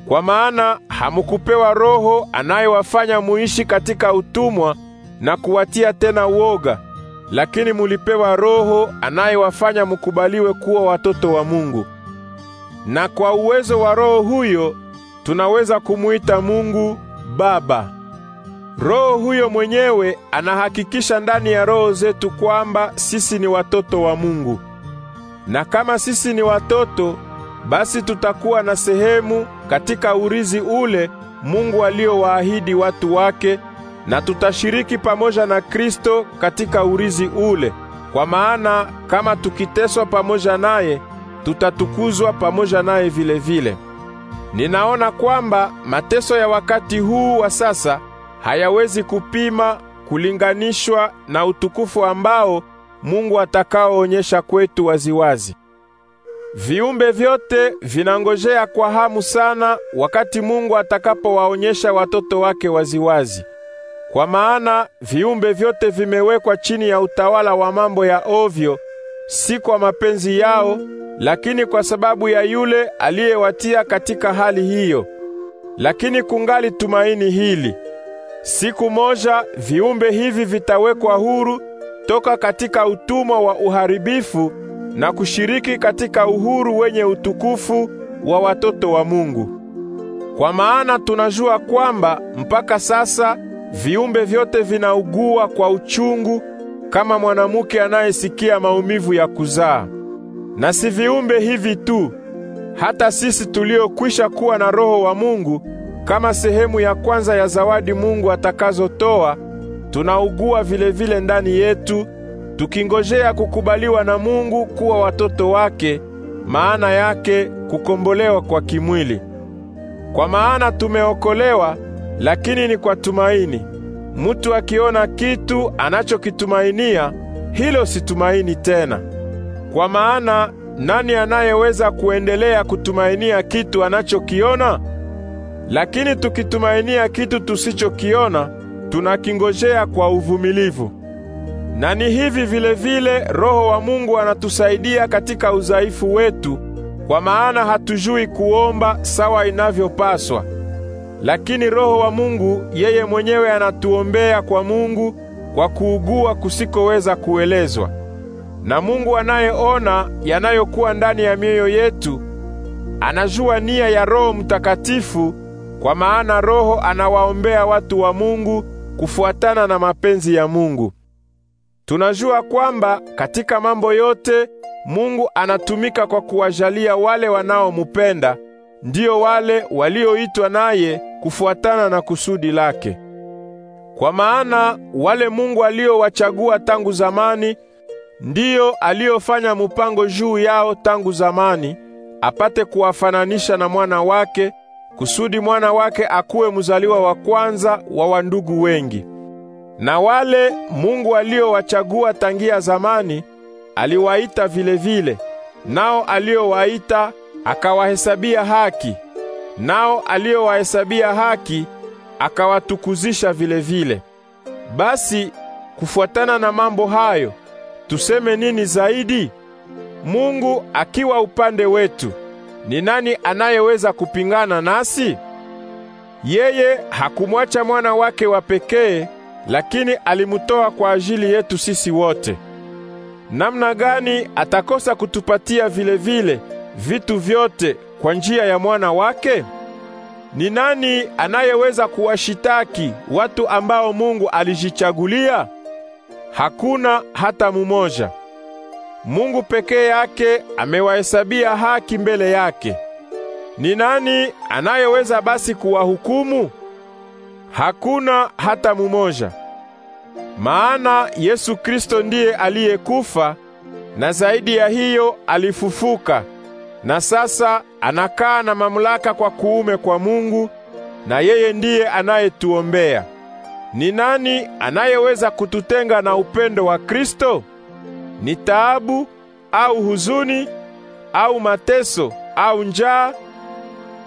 Kwa maana hamukupewa roho anayewafanya muishi katika utumwa na kuwatia tena uoga lakini mulipewa Roho anayewafanya mukubaliwe kuwa watoto wa Mungu, na kwa uwezo wa Roho huyo tunaweza kumuita Mungu Baba. Roho huyo mwenyewe anahakikisha ndani ya roho zetu kwamba sisi ni watoto wa Mungu, na kama sisi ni watoto, basi tutakuwa na sehemu katika urizi ule Mungu aliowaahidi watu wake na tutashiriki pamoja na Kristo katika urizi ule, kwa maana kama tukiteswa pamoja naye tutatukuzwa pamoja naye vile vile. Ninaona kwamba mateso ya wakati huu wa sasa hayawezi kupima kulinganishwa na utukufu ambao Mungu atakaoonyesha kwetu waziwazi. Viumbe vyote vinangojea kwa hamu sana wakati Mungu atakapowaonyesha watoto wake waziwazi. Kwa maana viumbe vyote vimewekwa chini ya utawala wa mambo ya ovyo, si kwa mapenzi yao, lakini kwa sababu ya yule aliyewatia katika hali hiyo. Lakini kungali tumaini hili. Siku moja viumbe hivi vitawekwa huru toka katika utumwa wa uharibifu na kushiriki katika uhuru wenye utukufu wa watoto wa Mungu. Kwa maana tunajua kwamba mpaka sasa Viumbe vyote vinaugua kwa uchungu kama mwanamke anayesikia maumivu ya kuzaa. Na si viumbe hivi tu, hata sisi tuliokwisha kuwa na Roho wa Mungu kama sehemu ya kwanza ya zawadi Mungu atakazotoa, tunaugua vile vile ndani yetu tukingojea kukubaliwa na Mungu kuwa watoto wake, maana yake kukombolewa kwa kimwili. Kwa maana tumeokolewa lakini ni kwa tumaini. Mtu akiona kitu anachokitumainia, hilo si tumaini tena. Kwa maana nani anayeweza kuendelea kutumainia kitu anachokiona? Lakini tukitumainia kitu tusichokiona, tunakingojea kwa uvumilivu. Na ni hivi vile vile Roho wa Mungu anatusaidia katika udhaifu wetu, kwa maana hatujui kuomba sawa inavyopaswa lakini Roho wa Mungu yeye mwenyewe anatuombea kwa Mungu kwa kuugua kusikoweza kuelezwa. Na Mungu anayeona yanayokuwa ndani ya mioyo yetu anajua nia ya Roho Mtakatifu, kwa maana Roho anawaombea watu wa Mungu kufuatana na mapenzi ya Mungu. Tunajua kwamba katika mambo yote Mungu anatumika kwa kuwajalia wale wanaomupenda ndio wale walioitwa naye kufuatana na kusudi lake. Kwa maana wale Mungu aliowachagua tangu zamani ndiyo aliyofanya mupango juu yao tangu zamani apate kuwafananisha na mwana wake, kusudi mwana wake akuwe mzaliwa wa kwanza wa wandugu wengi. Na wale Mungu aliowachagua tangia zamani aliwaita vilevile, nao aliowaita akawahesabia haki, nao aliyowahesabia haki akawatukuzisha vilevile. Basi kufuatana na mambo hayo, tuseme nini zaidi? Mungu akiwa upande wetu, ni nani anayeweza kupingana nasi? Yeye hakumwacha mwana wake wa pekee, lakini alimutoa kwa ajili yetu sisi wote. Namna gani atakosa kutupatia vilevile vile vitu vyote kwa njia ya mwana wake? Ni nani anayeweza kuwashitaki watu ambao Mungu alijichagulia? Hakuna hata mumoja. Mungu pekee yake amewahesabia haki mbele yake. Ni nani anayeweza basi kuwahukumu? Hakuna hata mumoja. Maana Yesu Kristo ndiye aliyekufa na zaidi ya hiyo alifufuka na sasa anakaa na mamlaka kwa kuume kwa Mungu, na yeye ndiye anayetuombea. Ni nani anayeweza kututenga na upendo wa Kristo? Ni taabu au huzuni au mateso au njaa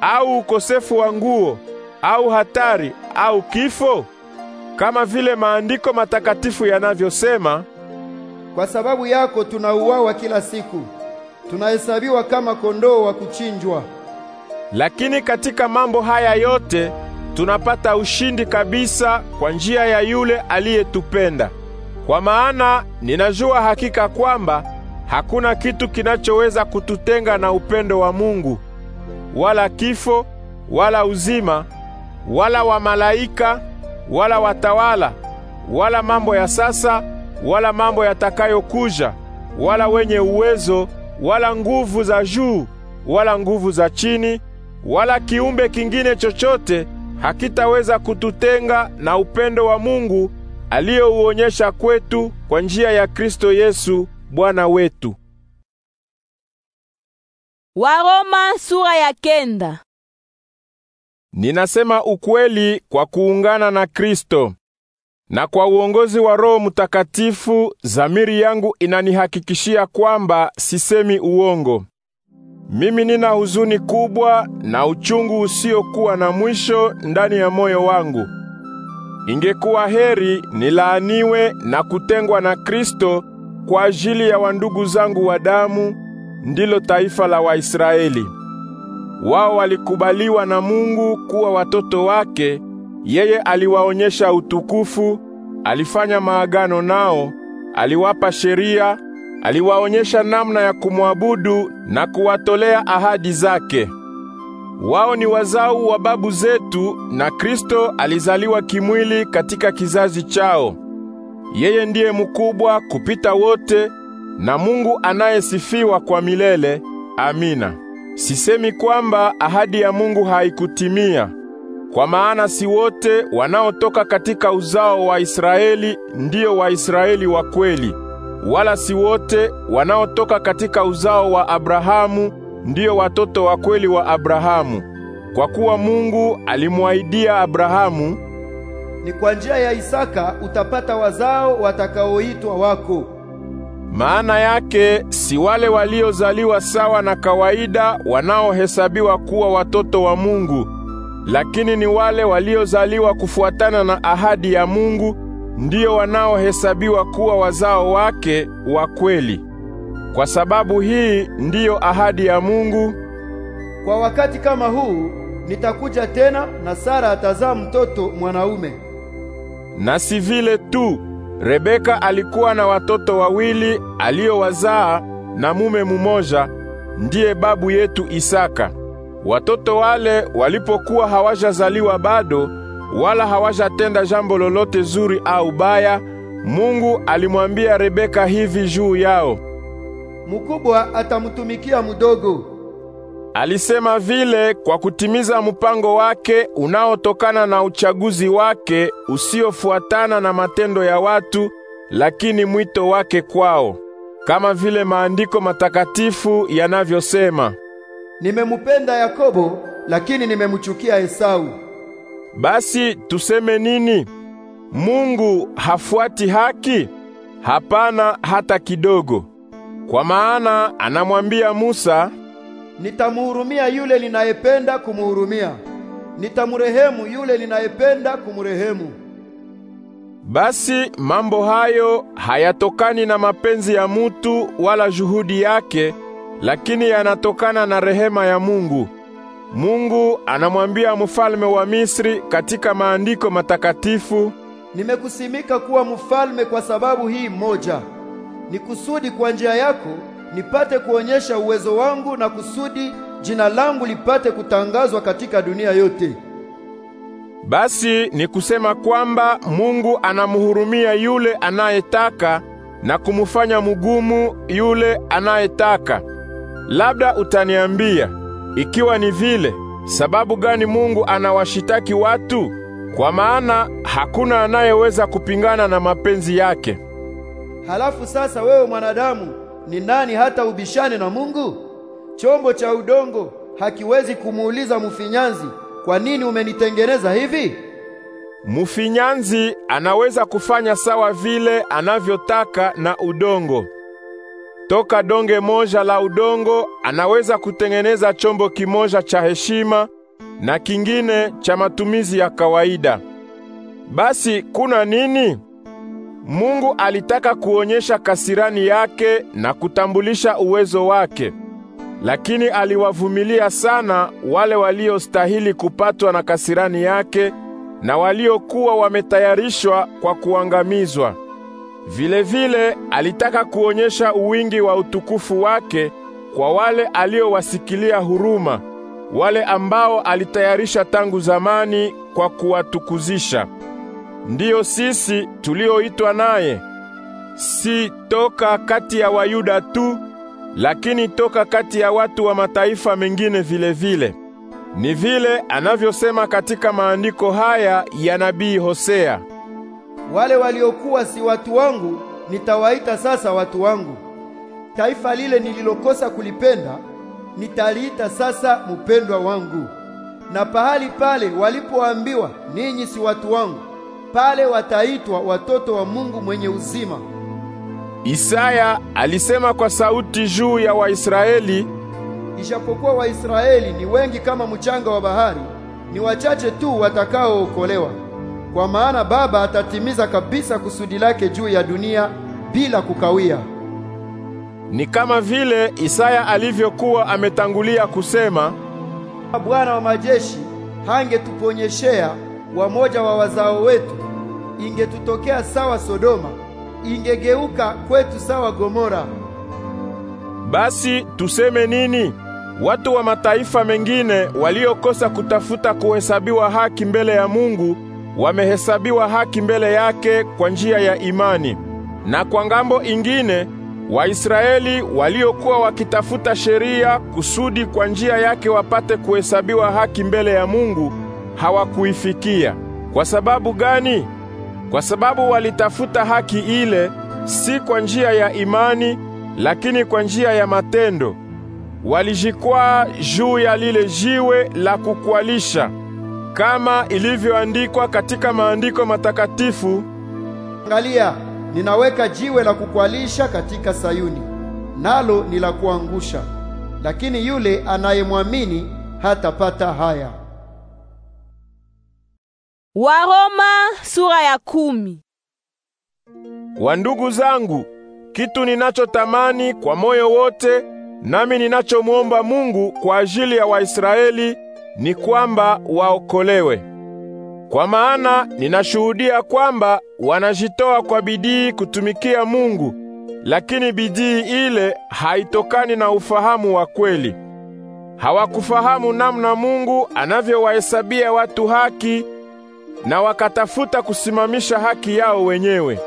au ukosefu wa nguo au hatari au kifo? Kama vile maandiko matakatifu yanavyosema, kwa sababu yako tunauawa kila siku tunahesabiwa kama kondoo wa kuchinjwa. Lakini katika mambo haya yote tunapata ushindi kabisa kwa njia ya yule aliyetupenda. Kwa maana ninajua hakika kwamba hakuna kitu kinachoweza kututenga na upendo wa Mungu, wala kifo, wala uzima, wala wa malaika, wala watawala, wala mambo ya sasa, wala mambo yatakayokuja, wala wenye uwezo wala nguvu za juu wala nguvu za chini wala kiumbe kingine chochote hakitaweza kututenga na upendo wa Mungu aliyouonyesha kwetu kwa njia ya Kristo Yesu Bwana wetu. Waroma sura ya kenda. Ninasema ukweli kwa kuungana na Kristo na kwa uongozi wa Roho Mtakatifu, zamiri yangu inanihakikishia kwamba sisemi uongo. Mimi nina huzuni kubwa na uchungu usiokuwa na mwisho ndani ya moyo wangu. Ingekuwa heri nilaaniwe na kutengwa na Kristo kwa ajili ya wandugu zangu wa damu, ndilo taifa la Waisraeli. Wao walikubaliwa na Mungu kuwa watoto wake yeye aliwaonyesha utukufu, alifanya maagano nao, aliwapa sheria, aliwaonyesha namna ya kumwabudu na kuwatolea ahadi zake. Wao ni wazao wa babu zetu na Kristo alizaliwa kimwili katika kizazi chao. Yeye ndiye mkubwa kupita wote na Mungu anayesifiwa kwa milele. Amina. Sisemi kwamba ahadi ya Mungu haikutimia. Kwa maana si wote wanaotoka katika uzao wa Israeli ndio Waisraeli wa kweli, wala si wote wanaotoka katika uzao wa Abrahamu ndio watoto wa kweli wa Abrahamu. Kwa kuwa Mungu alimwahidia Abrahamu, ni kwa njia ya Isaka utapata wazao watakaoitwa wako. Maana yake si wale waliozaliwa sawa na kawaida wanaohesabiwa kuwa watoto wa Mungu lakini ni wale waliozaliwa kufuatana na ahadi ya Mungu ndio wanaohesabiwa kuwa wazao wake wa kweli. Kwa sababu hii ndiyo ahadi ya Mungu, kwa wakati kama huu nitakuja tena na Sara atazaa mtoto mwanaume. Na si vile tu, Rebeka alikuwa na watoto wawili aliyowazaa na mume mumoja, ndiye babu yetu Isaka. Watoto wale walipokuwa hawajazaliwa bado wala hawajatenda jambo lolote zuri au baya, Mungu alimwambia Rebeka hivi juu yao: mkubwa atamtumikia mdogo. Alisema vile kwa kutimiza mpango wake unaotokana na uchaguzi wake usiofuatana na matendo ya watu, lakini mwito wake kwao, kama vile maandiko matakatifu yanavyosema: nimemupenda Yakobo, lakini nimemchukia Esau. Basi tuseme nini? Mungu hafuati haki? Hapana hata kidogo. Kwa maana anamwambia Musa, nitamuhurumia yule ninayependa kumuhurumia, nitamurehemu yule ninayependa kumurehemu. Basi mambo hayo hayatokani na mapenzi ya mutu wala juhudi yake lakini yanatokana na rehema ya Mungu. Mungu anamwambia mfalme wa Misri katika maandiko matakatifu, nimekusimika kuwa mfalme kwa sababu hii moja, ni kusudi kwa njia yako nipate kuonyesha uwezo wangu na kusudi jina langu lipate kutangazwa katika dunia yote. Basi ni kusema kwamba Mungu anamhurumia yule anayetaka na kumufanya mugumu yule anayetaka. Labda utaniambia, ikiwa ni vile, sababu gani Mungu anawashitaki watu? Kwa maana hakuna anayeweza kupingana na mapenzi yake. Halafu sasa, wewe mwanadamu, ni nani hata ubishane na Mungu? Chombo cha udongo hakiwezi kumuuliza mufinyanzi, kwa nini umenitengeneza hivi? Mufinyanzi anaweza kufanya sawa vile anavyotaka na udongo. Toka donge moja la udongo anaweza kutengeneza chombo kimoja cha heshima na kingine cha matumizi ya kawaida. Basi kuna nini? Mungu alitaka kuonyesha kasirani yake na kutambulisha uwezo wake. Lakini aliwavumilia sana wale waliostahili kupatwa na kasirani yake na waliokuwa wametayarishwa kwa kuangamizwa vile vile, alitaka kuonyesha uwingi wa utukufu wake kwa wale aliowasikilia huruma, wale ambao alitayarisha tangu zamani kwa kuwatukuzisha. Ndiyo sisi tulioitwa naye, si toka kati ya Wayuda tu, lakini toka kati ya watu wa mataifa mengine vilevile vile. Ni vile anavyosema katika maandiko haya ya nabii Hosea. Wale waliokuwa si watu wangu nitawaita sasa watu wangu, taifa lile nililokosa kulipenda nitaliita sasa mupendwa wangu. Na pahali pale walipoambiwa ninyi si watu wangu, pale wataitwa watoto wa Mungu mwenye uzima. Isaya alisema kwa sauti juu ya Waisraeli, ijapokuwa Waisraeli ni wengi kama mchanga wa bahari, ni wachache tu watakaookolewa. Kwa maana Baba atatimiza kabisa kusudi lake juu ya dunia bila kukawia. Ni kama vile Isaya alivyokuwa ametangulia kusema, Bwana wa majeshi hangetuponyeshea wamoja wa wazao wetu, ingetutokea sawa Sodoma, ingegeuka kwetu sawa Gomora. Basi tuseme nini? Watu wa mataifa mengine waliokosa kutafuta kuhesabiwa haki mbele ya Mungu wamehesabiwa haki mbele yake kwa njia ya imani. Na kwa ngambo ingine Waisraeli waliokuwa wakitafuta sheria kusudi kwa njia yake wapate kuhesabiwa haki mbele ya Mungu hawakuifikia. Kwa sababu gani? Kwa sababu walitafuta haki ile si kwa njia ya imani, lakini kwa njia ya matendo. Walijikwaa juu ya lile jiwe la kukwalisha kama ilivyoandikwa katika maandiko matakatifu, angalia, ninaweka jiwe la kukwalisha katika Sayuni, nalo ni la kuangusha, lakini yule anayemwamini hatapata haya. Waroma sura ya kumi. Wandugu zangu, kitu ninachotamani kwa moyo wote, nami ninachomwomba Mungu kwa ajili ya Waisraeli ni kwamba waokolewe. Kwa maana ninashuhudia kwamba wanajitoa kwa bidii kutumikia Mungu, lakini bidii ile haitokani na ufahamu wa kweli. Hawakufahamu namna Mungu anavyowahesabia watu haki na wakatafuta kusimamisha haki yao wenyewe.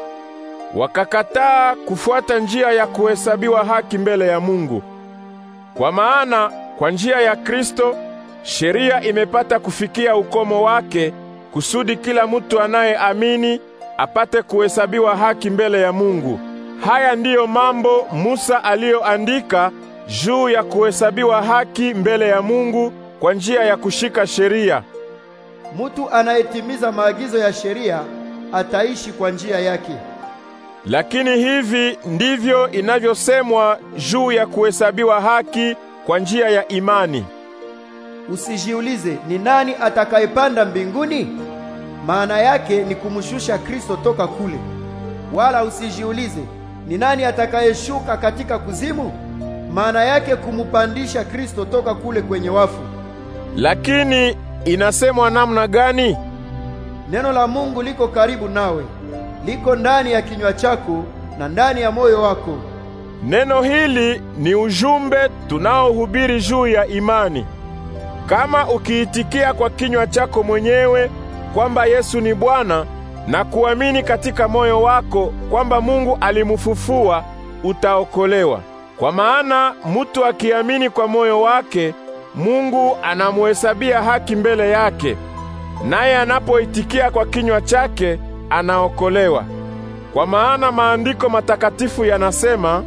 Wakakataa kufuata njia ya kuhesabiwa haki mbele ya Mungu. Kwa maana kwa njia ya Kristo sheria imepata kufikia ukomo wake kusudi kila mtu anayeamini apate kuhesabiwa haki mbele ya Mungu. Haya ndiyo mambo Musa aliyoandika juu ya kuhesabiwa haki mbele ya Mungu kwa njia ya kushika sheria. Mutu anayetimiza maagizo ya sheria ataishi kwa njia yake. Lakini hivi ndivyo inavyosemwa juu ya kuhesabiwa haki kwa njia ya imani usijiulize ni nani atakayepanda mbinguni, maana yake ni kumshusha Kristo toka kule, wala usijiulize ni nani atakayeshuka katika kuzimu, maana yake kumupandisha Kristo toka kule kwenye wafu. Lakini inasemwa namna gani? Neno la Mungu liko karibu nawe, liko ndani ya kinywa chako na ndani ya moyo wako. Neno hili ni ujumbe tunaohubiri juu ya imani. Kama ukiitikia kwa kinywa chako mwenyewe kwamba Yesu ni Bwana na kuamini katika moyo wako kwamba Mungu alimufufua, utaokolewa. Kwa maana mutu akiamini kwa moyo wake, Mungu anamuhesabia haki mbele yake, naye anapoitikia kwa kinywa chake anaokolewa. Kwa maana maandiko matakatifu yanasema,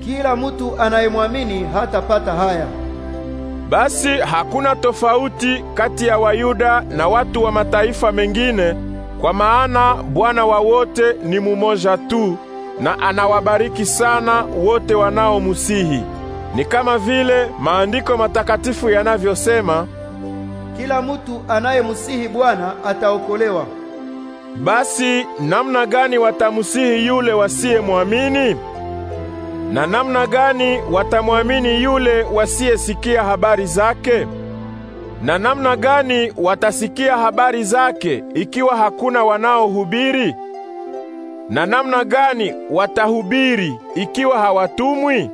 kila mutu anayemwamini hatapata haya. Basi hakuna tofauti kati ya Wayuda na watu wa mataifa mengine, kwa maana Bwana wa wote ni mumoja tu, na anawabariki sana wote wanaomusihi. Ni kama vile maandiko matakatifu yanavyosema, kila mutu anayemusihi Bwana ataokolewa. Basi namna gani watamusihi yule wasiyemwamini? Na namna gani watamwamini yule wasiyesikia habari zake? Na namna gani watasikia habari zake ikiwa hakuna wanaohubiri? Na namna gani watahubiri ikiwa hawatumwi?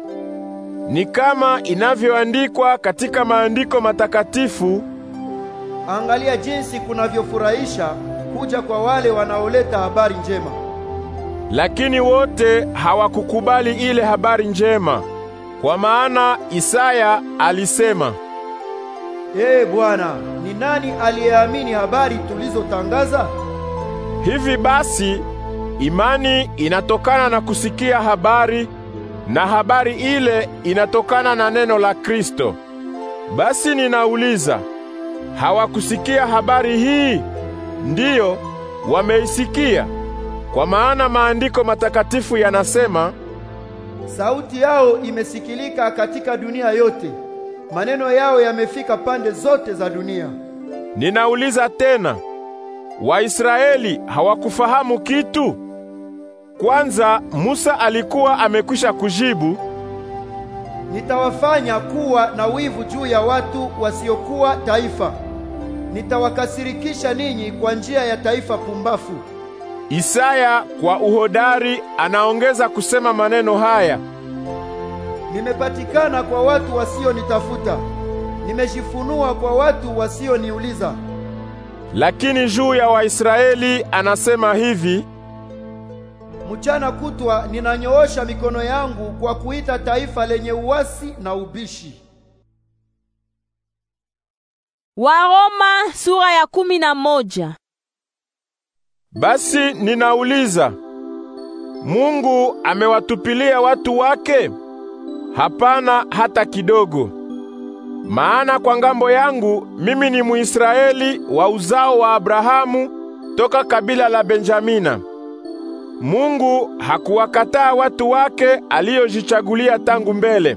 Ni kama inavyoandikwa katika maandiko matakatifu, angalia jinsi kunavyofurahisha kuja kwa wale wanaoleta habari njema. Lakini wote hawakukubali ile habari njema, kwa maana Isaya alisema, Ee Bwana, ni nani aliyeamini habari tulizotangaza? Hivi basi imani inatokana na kusikia habari na habari ile inatokana na neno la Kristo. Basi ninauliza, hawakusikia habari hii? Ndiyo, wameisikia. Kwa maana maandiko matakatifu yanasema, sauti yao imesikilika katika dunia yote, maneno yao yamefika pande zote za dunia. Ninauliza tena, Waisraeli hawakufahamu kitu? Kwanza Musa alikuwa amekwisha kujibu, nitawafanya kuwa na wivu juu ya watu wasiokuwa taifa, nitawakasirikisha ninyi kwa njia ya taifa pumbafu. Isaya kwa uhodari anaongeza kusema maneno haya: nimepatikana kwa watu wasionitafuta, nimejifunua kwa watu wasioniuliza. Lakini juu ya Waisraeli anasema hivi: Mchana kutwa ninanyoosha mikono yangu kwa kuita taifa lenye uasi na ubishi. Waroma sura ya kumi na moja. Basi ninauliza, Mungu amewatupilia watu wake? Hapana hata kidogo. Maana kwa ngambo yangu mimi ni Muisraeli wa uzao wa Abrahamu toka kabila la Benjamina. Mungu hakuwakataa watu wake aliyojichagulia tangu mbele.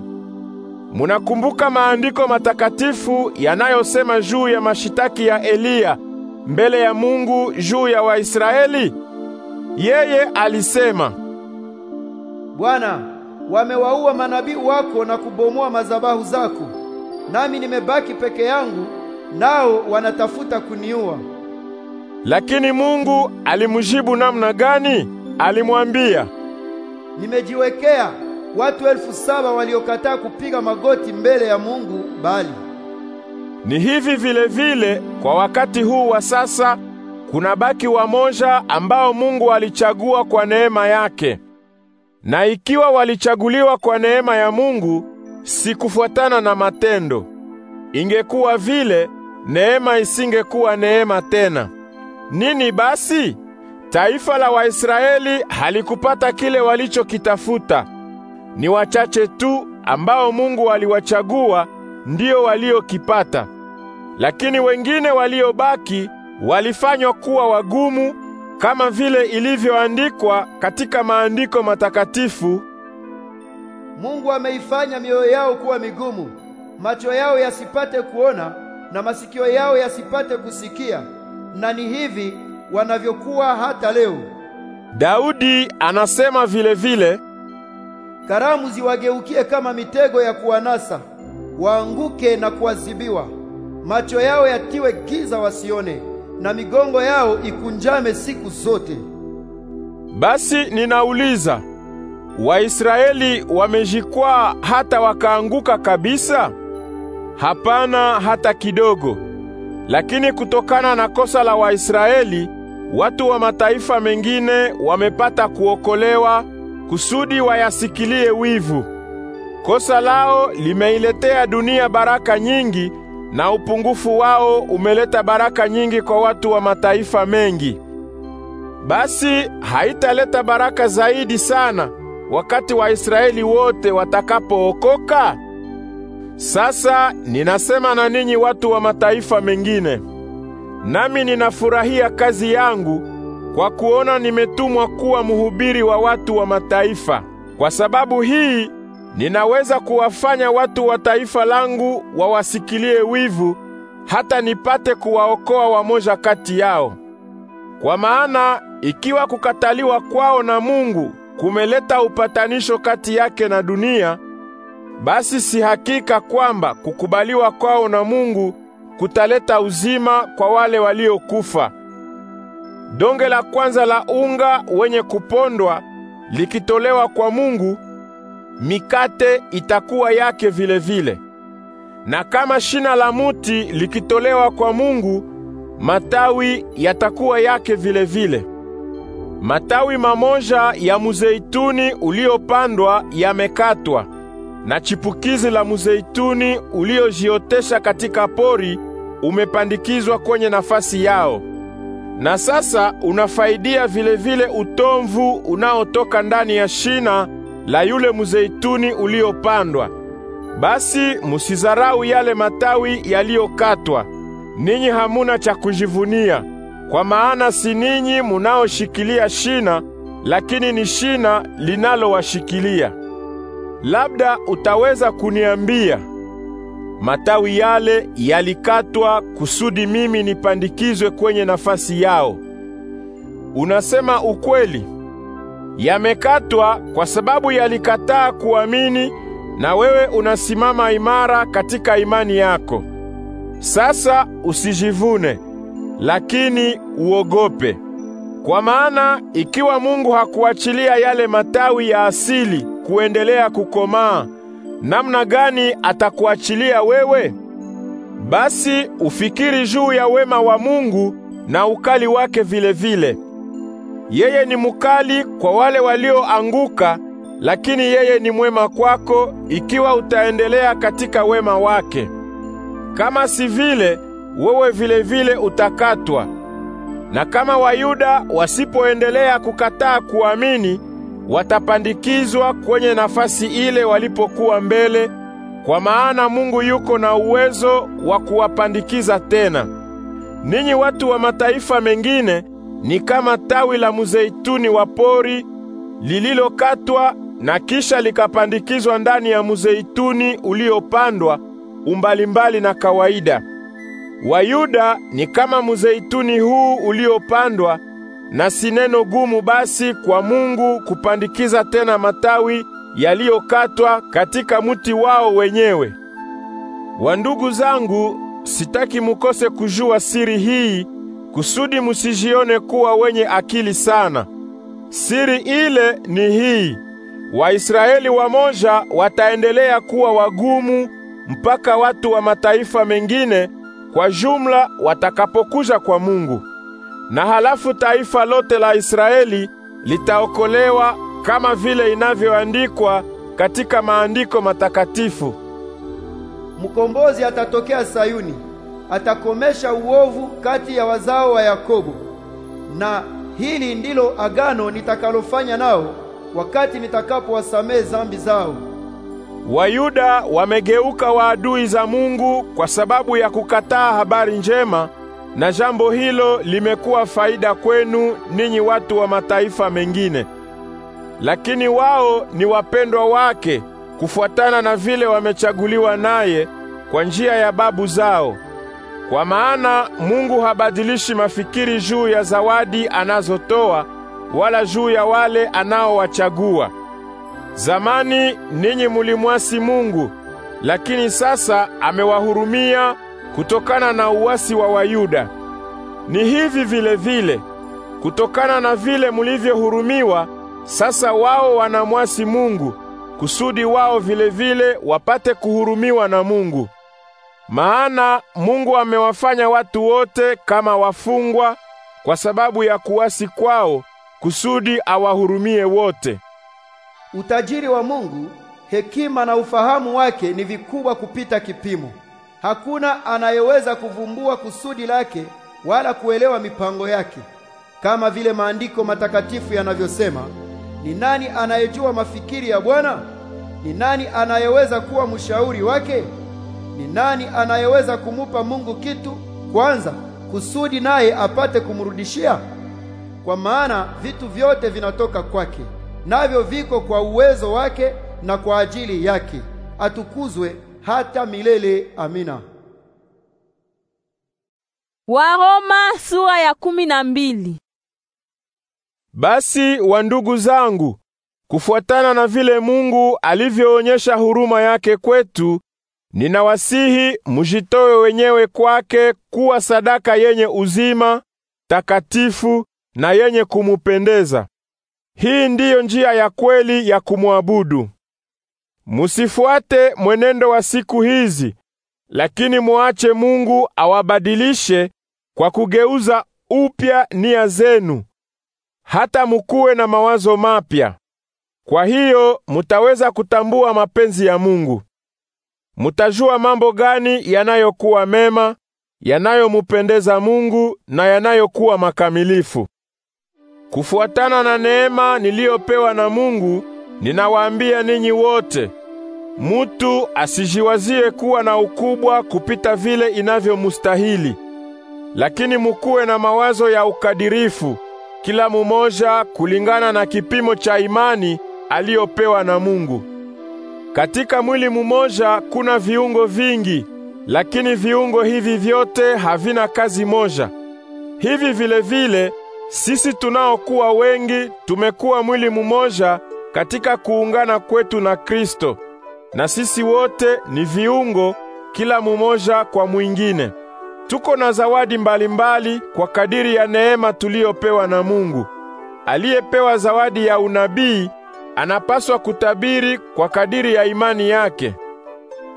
Munakumbuka maandiko matakatifu yanayosema juu ya mashitaki ya Eliya mbele ya Mungu juu ya Waisraeli? Yeye alisema, Bwana, wamewaua manabii wako na kubomoa mazabahu zako, nami nimebaki peke yangu, nao wanatafuta kuniua. Lakini Mungu alimjibu namna gani? Alimwambia, nimejiwekea watu elfu saba waliokataa kupiga magoti mbele ya Mungu Bali. Ni hivi vile vile kwa wakati huu wa sasa kuna baki wamoja ambao Mungu alichagua kwa neema yake. Na ikiwa walichaguliwa kwa neema ya Mungu, si kufuatana na matendo. Ingekuwa vile, neema isingekuwa neema tena. Nini basi? Taifa la Waisraeli halikupata kile walichokitafuta. Ni wachache tu ambao Mungu aliwachagua ndio waliokipata. Lakini wengine waliobaki walifanywa kuwa wagumu kama vile ilivyoandikwa katika maandiko matakatifu, Mungu ameifanya mioyo yao kuwa migumu, macho yao yasipate kuona na masikio yao yasipate kusikia, na ni hivi wanavyokuwa hata leo. Daudi anasema vile vile, karamu ziwageukie kama mitego ya kuwanasa, waanguke na kuadhibiwa macho yao yatiwe giza wasione, na migongo yao ikunjame siku zote. Basi ninauliza, Waisraeli wamejikwaa hata wakaanguka kabisa? Hapana, hata kidogo. Lakini kutokana na kosa la Waisraeli, watu wa mataifa mengine wamepata kuokolewa kusudi wayasikilie wivu. Kosa lao limeiletea dunia baraka nyingi na upungufu wao umeleta baraka nyingi kwa watu wa mataifa mengi. Basi haitaleta baraka zaidi sana wakati Waisraeli wote watakapookoka? Sasa ninasema na ninyi watu wa mataifa mengine. Nami ninafurahia kazi yangu kwa kuona nimetumwa kuwa mhubiri wa watu wa mataifa. Kwa sababu hii ninaweza kuwafanya watu wa taifa langu wawasikilie wivu, hata nipate kuwaokoa wamoja kati yao. Kwa maana ikiwa kukataliwa kwao na Mungu kumeleta upatanisho kati yake na dunia, basi si hakika kwamba kukubaliwa kwao na Mungu kutaleta uzima kwa wale waliokufa. Donge la kwanza la unga wenye kupondwa likitolewa kwa Mungu mikate itakuwa yake vilevile vile. Na kama shina la muti likitolewa kwa Mungu, matawi yatakuwa yake vilevile vile. Matawi mamoja ya muzeituni uliopandwa yamekatwa, na chipukizi la muzeituni uliojiotesha katika pori umepandikizwa kwenye nafasi yao, na sasa unafaidia vilevile vile utomvu unaotoka ndani ya shina la yule mzeituni uliopandwa. Basi musizarau yale matawi yaliyokatwa. Ninyi hamuna cha kujivunia, kwa maana si ninyi munaoshikilia shina, lakini ni shina linalowashikilia. Labda utaweza kuniambia, matawi yale yalikatwa kusudi mimi nipandikizwe kwenye nafasi yao. Unasema ukweli yamekatwa kwa sababu yalikataa kuamini, na wewe unasimama imara katika imani yako. Sasa usijivune, lakini uogope. Kwa maana ikiwa Mungu hakuachilia yale matawi ya asili kuendelea kukomaa, namna gani atakuachilia wewe? Basi ufikiri juu ya wema wa Mungu na ukali wake vilevile vile. Yeye ni mukali kwa wale walioanguka, lakini yeye ni mwema kwako ikiwa utaendelea katika wema wake. Kama si vile, wewe vile vile utakatwa. Na kama Wayuda wasipoendelea kukataa kuamini, watapandikizwa kwenye nafasi ile walipokuwa mbele, kwa maana Mungu yuko na uwezo wa kuwapandikiza tena. Ninyi watu wa mataifa mengine ni kama tawi la muzeituni wa pori lililokatwa na kisha likapandikizwa ndani ya muzeituni uliopandwa umbalimbali na kawaida. Wayuda ni kama muzeituni huu uliopandwa, na si neno gumu basi kwa Mungu kupandikiza tena matawi yaliyokatwa katika muti wao wenyewe. Wandugu zangu, sitaki mukose kujua siri hii kusudi musijione kuwa wenye akili sana. Siri ile ni hii: Waisraeli wamoja wataendelea kuwa wagumu mpaka watu wa mataifa mengine kwa jumla watakapokuja kwa Mungu, na halafu taifa lote la Israeli litaokolewa kama vile inavyoandikwa katika maandiko matakatifu: Mkombozi atatokea Sayuni, atakomesha uovu kati ya wazao wa Yakobo, na hili ndilo agano nitakalofanya nao wakati nitakapowasamehe zambi zao. Wayuda wamegeuka waadui za Mungu kwa sababu ya kukataa habari njema, na jambo hilo limekuwa faida kwenu ninyi watu wa mataifa mengine. Lakini wao ni wapendwa wake kufuatana na vile wamechaguliwa naye kwa njia ya babu zao. Kwa maana Mungu habadilishi mafikiri juu ya zawadi anazotoa wala juu ya wale anaowachagua. Zamani ninyi mulimwasi Mungu, lakini sasa amewahurumia kutokana na uasi wa Wayuda. Ni hivi vile vile, kutokana na vile mulivyohurumiwa, sasa wao wanamwasi Mungu, kusudi wao vile vile wapate kuhurumiwa na Mungu. Maana Mungu amewafanya watu wote kama wafungwa kwa sababu ya kuasi kwao, kusudi awahurumie wote. Utajiri wa Mungu, hekima na ufahamu wake ni vikubwa kupita kipimo. Hakuna anayeweza kuvumbua kusudi lake wala kuelewa mipango yake. Kama vile maandiko matakatifu yanavyosema, ni nani anayejua mafikiri ya Bwana? Ni nani anayeweza kuwa mshauri wake? Ni nani anayeweza kumupa Mungu kitu kwanza kusudi naye apate kumrudishia? Kwa maana vitu vyote vinatoka kwake, navyo viko kwa uwezo wake na kwa ajili yake. Atukuzwe hata milele. Amina. Waroma sura ya kumi na mbili. Basi wandugu zangu, kufuatana na vile Mungu alivyoonyesha huruma yake kwetu, Ninawasihi mujitoe wenyewe kwake kuwa sadaka yenye uzima, takatifu na yenye kumupendeza. Hii ndiyo njia ya kweli ya kumwabudu. Musifuate mwenendo wa siku hizi, lakini muache Mungu awabadilishe kwa kugeuza upya nia zenu, hata mukuwe na mawazo mapya. Kwa hiyo mutaweza kutambua mapenzi ya Mungu mutajua mambo gani yanayokuwa mema, yanayomupendeza Mungu na yanayokuwa makamilifu. Kufuatana na neema niliyopewa na Mungu, ninawaambia ninyi wote, mutu asijiwazie kuwa na ukubwa kupita vile inavyomustahili, lakini mukuwe na mawazo ya ukadirifu, kila mumoja kulingana na kipimo cha imani aliyopewa na Mungu. Katika mwili mumoja kuna viungo vingi, lakini viungo hivi vyote havina kazi moja. Hivi vile vile sisi tunaokuwa wengi tumekuwa mwili mumoja katika kuungana kwetu na Kristo, na sisi wote ni viungo, kila mumoja kwa mwingine. Tuko na zawadi mbalimbali mbali kwa kadiri ya neema tuliyopewa na Mungu. Aliyepewa zawadi ya unabii anapaswa kutabiri kwa kadiri ya imani yake.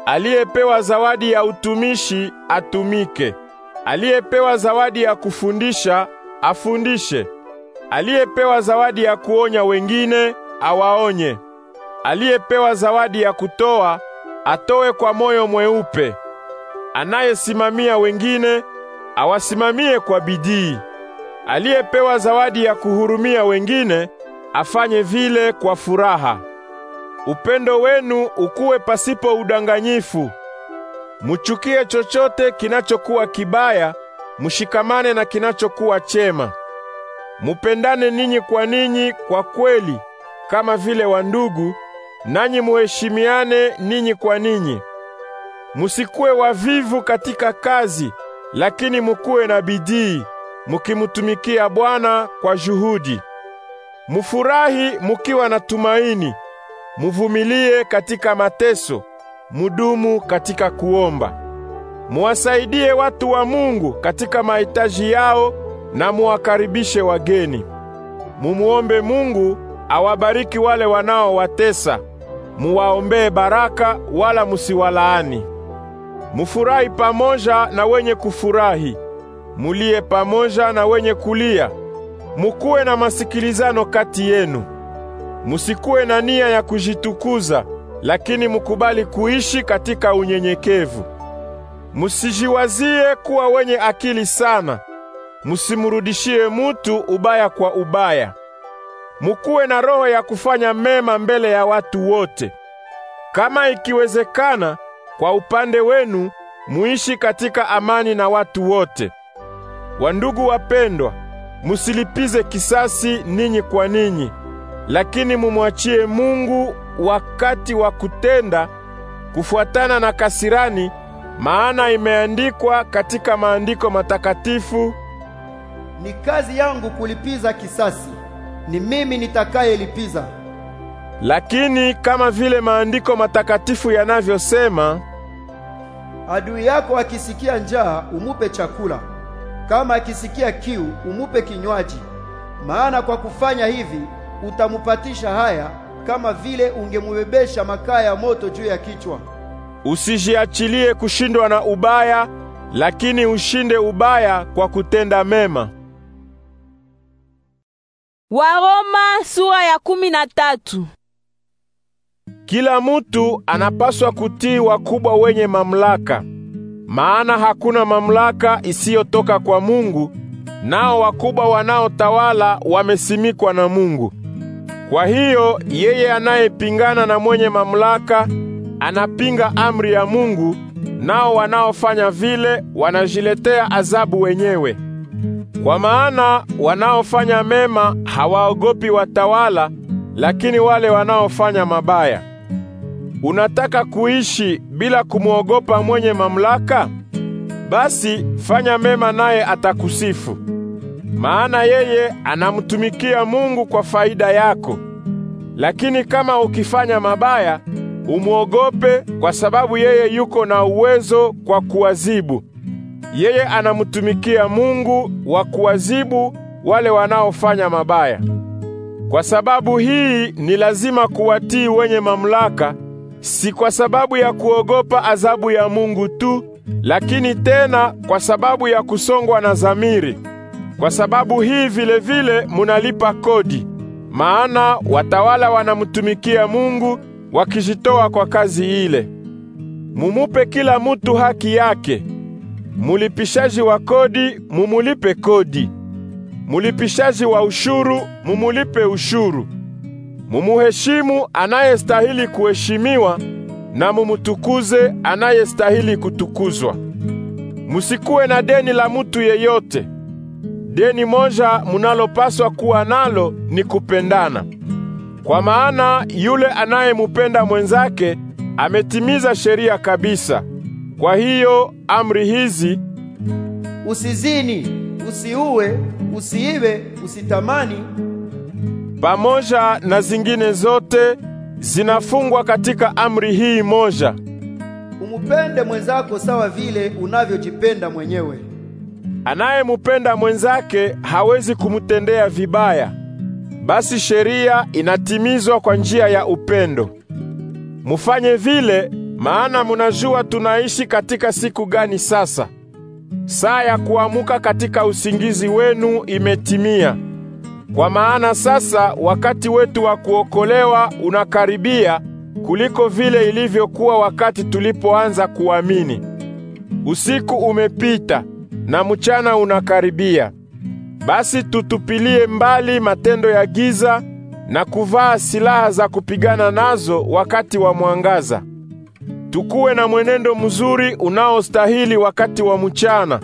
Aliyepewa zawadi ya utumishi atumike, aliyepewa zawadi ya kufundisha afundishe, aliyepewa zawadi ya kuonya wengine awaonye, aliyepewa zawadi ya kutoa atoe kwa moyo mweupe, anayesimamia wengine awasimamie kwa bidii, aliyepewa zawadi ya kuhurumia wengine afanye vile kwa furaha. Upendo wenu ukuwe pasipo udanganyifu. Muchukie chochote kinachokuwa kibaya, mushikamane na kinachokuwa chema. Mupendane ninyi kwa ninyi kwa kweli kama vile wandugu, nanyi muheshimiane ninyi kwa ninyi. Musikuwe wavivu katika kazi, lakini mukuwe na bidii, mukimutumikia Bwana kwa juhudi. Mufurahi mukiwa na tumaini, muvumilie katika mateso, mudumu katika kuomba. Muwasaidie watu wa Mungu katika mahitaji yao na muwakaribishe wageni. Mumuombe Mungu awabariki wale wanaowatesa, muwaombee baraka wala musiwalaani. Mufurahi pamoja na wenye kufurahi, mulie pamoja na wenye kulia mukuwe na masikilizano kati yenu. Musikuwe na nia ya kujitukuza, lakini mukubali kuishi katika unyenyekevu. Musijiwazie kuwa wenye akili sana, musimurudishie mutu ubaya kwa ubaya. Mukuwe na roho ya kufanya mema mbele ya watu wote. Kama ikiwezekana, kwa upande wenu muishi katika amani na watu wote. Wandugu wapendwa, musilipize kisasi ninyi kwa ninyi, lakini mumwachie Mungu wakati wa kutenda kufuatana na kasirani, maana imeandikwa katika maandiko matakatifu, ni kazi yangu kulipiza kisasi, ni mimi nitakayelipiza. Lakini kama vile maandiko matakatifu yanavyosema, adui yako akisikia njaa umupe chakula kama akisikia kiu, umupe kinywaji, maana kwa kufanya hivi utamupatisha haya, kama vile ungemubebesha makaa ya moto juu ya kichwa. Usijiachilie kushindwa na ubaya, lakini ushinde ubaya kwa kutenda mema. Waroma sura ya kumi na tatu. Kila mutu anapaswa kutii wakubwa wenye mamlaka maana hakuna mamlaka isiyotoka kwa Mungu, nao wakubwa wanaotawala wamesimikwa na Mungu. Kwa hiyo yeye anayepingana na mwenye mamlaka anapinga amri ya Mungu, nao wanaofanya vile wanajiletea adhabu wenyewe. Kwa maana wanaofanya mema hawaogopi watawala, lakini wale wanaofanya mabaya Unataka kuishi bila kumwogopa mwenye mamlaka? Basi fanya mema naye atakusifu. Maana yeye anamtumikia Mungu kwa faida yako. Lakini kama ukifanya mabaya, umwogope kwa sababu yeye yuko na uwezo kwa kuwazibu. Yeye anamtumikia Mungu wa kuwazibu wale wanaofanya mabaya. Kwa sababu hii ni lazima kuwatii wenye mamlaka si kwa sababu ya kuogopa adhabu ya Mungu tu, lakini tena kwa sababu ya kusongwa na zamiri Kwa sababu hii vilevile munalipa kodi, maana watawala wanamtumikia Mungu wakijitoa kwa kazi ile. Mumupe kila mutu haki yake. Mulipishaji wa kodi mumulipe kodi, mulipishaji wa ushuru mumulipe ushuru mumuheshimu anayestahili kuheshimiwa na mumutukuze anayestahili kutukuzwa. Musikuwe na deni la mutu yeyote. Deni moja munalopaswa kuwa nalo ni kupendana, kwa maana yule anayemupenda mwenzake ametimiza sheria kabisa. Kwa hiyo amri hizi: usizini, usiue, usiibe, usitamani pamoja na zingine zote zinafungwa katika amri hii moja: umupende mwenzako sawa vile unavyojipenda mwenyewe. Anayemupenda mwenzake hawezi kumutendea vibaya. Basi sheria inatimizwa kwa njia ya upendo. Mufanye vile, maana munajua tunaishi katika siku gani sasa. Saa ya kuamuka katika usingizi wenu imetimia. Kwa maana sasa wakati wetu wa kuokolewa unakaribia kuliko vile ilivyokuwa wakati tulipoanza kuamini. Usiku umepita na mchana unakaribia. Basi tutupilie mbali matendo ya giza na kuvaa silaha za kupigana nazo wakati wa mwangaza. Tukuwe na mwenendo mzuri unaostahili wakati wa mchana,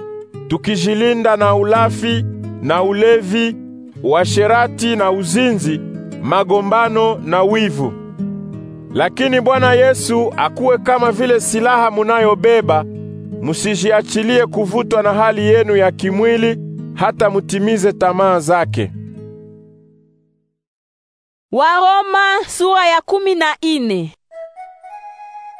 tukijilinda na ulafi na ulevi uasherati na uzinzi, magombano na wivu. Lakini Bwana Yesu akuwe kama vile silaha munayobeba, musijiachilie kuvutwa na hali yenu ya kimwili hata mutimize tamaa zake. Waroma sura ya kumi na ine.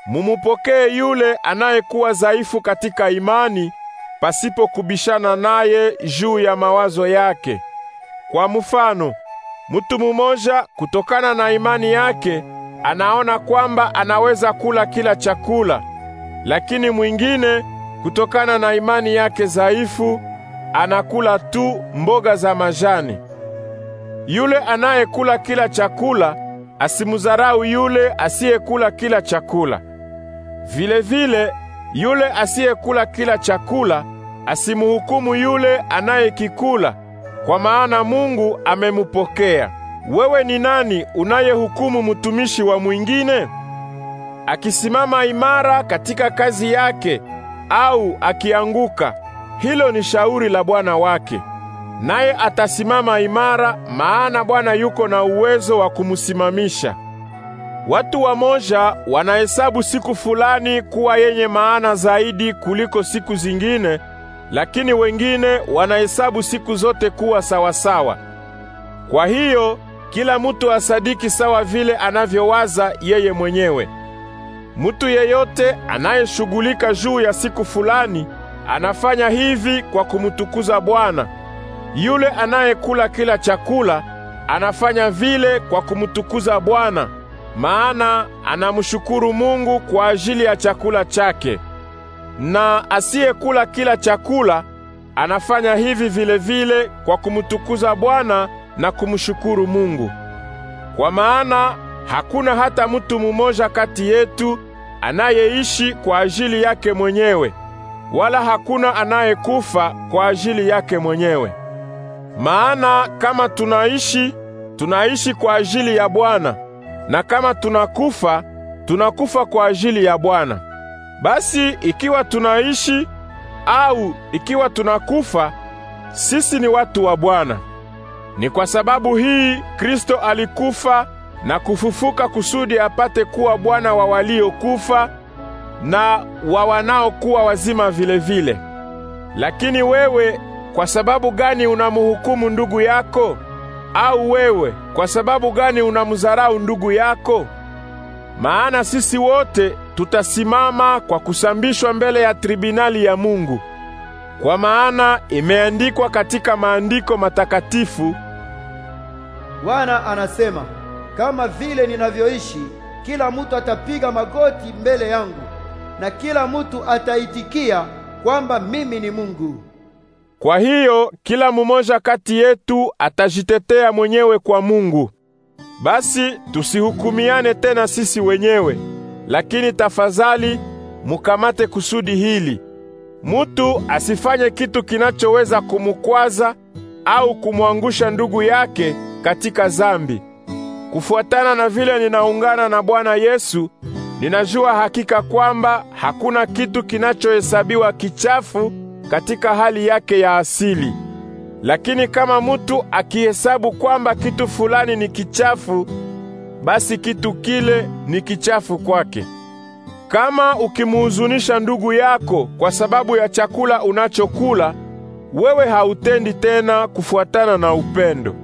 Mumupokee yule anayekuwa dhaifu katika imani pasipo kubishana naye juu ya mawazo yake. Kwa mfano, mtu mmoja kutokana na imani yake anaona kwamba anaweza kula kila chakula, lakini mwingine kutokana na imani yake dhaifu anakula tu mboga za majani. Yule anayekula kila chakula asimudharau yule asiyekula kila chakula. Vile vile yule asiyekula kila chakula asimhukumu yule anayekikula kwa maana Mungu amemupokea. Wewe ni nani unayehukumu mtumishi wa mwingine? Akisimama imara katika kazi yake au akianguka, hilo ni shauri la bwana wake. Naye atasimama imara, maana Bwana yuko na uwezo wa kumsimamisha. Watu wamoja wanahesabu siku fulani kuwa yenye maana zaidi kuliko siku zingine lakini wengine wanahesabu siku zote kuwa sawasawa. Kwa hiyo kila mutu asadiki sawa vile anavyowaza yeye mwenyewe. mtu yeyote anayeshughulika juu ya siku fulani anafanya hivi kwa kumtukuza Bwana. Yule anayekula kila chakula anafanya vile kwa kumtukuza Bwana, maana anamshukuru Mungu kwa ajili ya chakula chake na asiyekula kila chakula anafanya hivi vile vile kwa kumtukuza Bwana na kumshukuru Mungu. Kwa maana hakuna hata mtu mmoja kati yetu anayeishi kwa ajili yake mwenyewe, wala hakuna anayekufa kwa ajili yake mwenyewe. Maana kama tunaishi, tunaishi kwa ajili ya Bwana, na kama tunakufa, tunakufa kwa ajili ya Bwana. Basi ikiwa tunaishi au ikiwa tunakufa, sisi ni watu wa Bwana. Ni kwa sababu hii Kristo alikufa na kufufuka kusudi apate kuwa Bwana wa waliokufa na wa wanaokuwa wazima vile vile. Lakini wewe kwa sababu gani unamhukumu ndugu yako? Au wewe kwa sababu gani unamdharau ndugu yako? maana sisi wote tutasimama kwa kusambishwa mbele ya tribinali ya Mungu. Kwa maana imeandikwa katika maandiko matakatifu, Bwana anasema, kama vile ninavyoishi, kila mutu atapiga magoti mbele yangu na kila mutu ataitikia kwamba mimi ni Mungu. Kwa hiyo kila mumoja kati yetu atajitetea mwenyewe kwa Mungu. Basi tusihukumiane tena sisi wenyewe, lakini tafadhali mukamate kusudi hili, mutu asifanye kitu kinachoweza kumukwaza au kumwangusha ndugu yake katika zambi. Kufuatana na vile ninaungana na Bwana Yesu, ninajua hakika kwamba hakuna kitu kinachohesabiwa kichafu katika hali yake ya asili. Lakini kama mutu akihesabu kwamba kitu fulani ni kichafu, basi kitu kile ni kichafu kwake. Kama ukimuhuzunisha ndugu yako kwa sababu ya chakula unachokula, wewe hautendi tena kufuatana na upendo.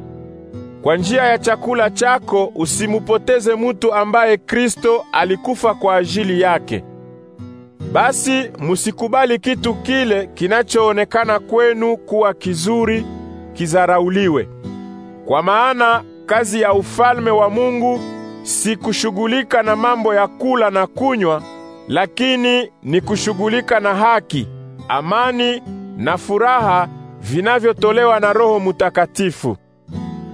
Kwa njia ya chakula chako usimupoteze mutu ambaye Kristo alikufa kwa ajili yake. Basi musikubali kitu kile kinachoonekana kwenu kuwa kizuri kizarauliwe, kwa maana kazi ya ufalme wa Mungu si kushughulika na mambo ya kula na kunywa, lakini ni kushughulika na haki, amani na furaha vinavyotolewa na Roho Mutakatifu.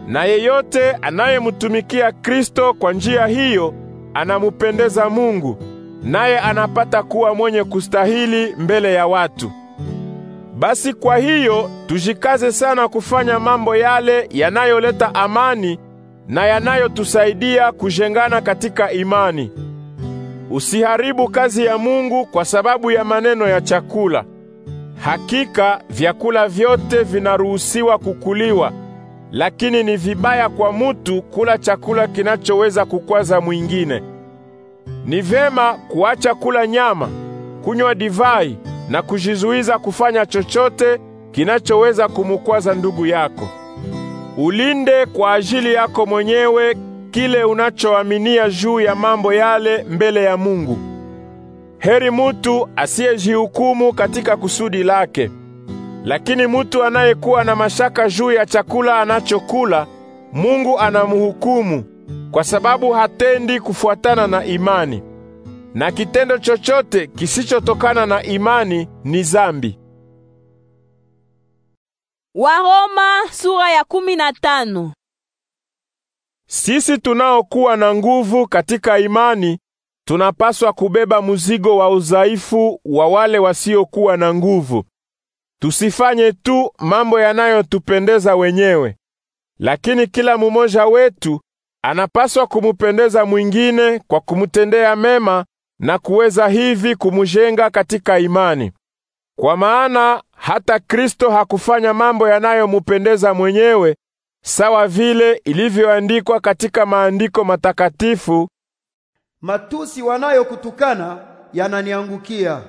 Na yeyote anayemtumikia Kristo kwa njia hiyo anamupendeza Mungu naye anapata kuwa mwenye kustahili mbele ya watu. Basi kwa hiyo tujikaze sana kufanya mambo yale yanayoleta amani na yanayotusaidia kujengana katika imani. Usiharibu kazi ya Mungu kwa sababu ya maneno ya chakula. Hakika vyakula vyote vinaruhusiwa kukuliwa, lakini ni vibaya kwa mutu kula chakula kinachoweza kukwaza mwingine. Ni vema kuacha kula nyama, kunywa divai na kujizuiza kufanya chochote kinachoweza kumukwaza ndugu yako. Ulinde kwa ajili yako mwenyewe kile unachoaminia juu ya mambo yale mbele ya Mungu. Heri mutu asiyejihukumu katika kusudi lake, lakini mutu anayekuwa na mashaka juu ya chakula anachokula, Mungu anamhukumu kwa sababu hatendi kufuatana na imani. Na kitendo chochote kisichotokana na imani ni zambi. Waroma sura ya kumi na tano. Sisi tunaokuwa na nguvu katika imani tunapaswa kubeba mzigo wa udhaifu wa wale wasiokuwa na nguvu. Tusifanye tu mambo yanayotupendeza wenyewe, lakini kila mmoja wetu Anapaswa kumupendeza mwingine kwa kumtendea mema na kuweza hivi kumujenga katika imani. Kwa maana hata Kristo hakufanya mambo yanayomupendeza mwenyewe, sawa vile ilivyoandikwa katika maandiko matakatifu, matusi wanayokutukana yananiangukia.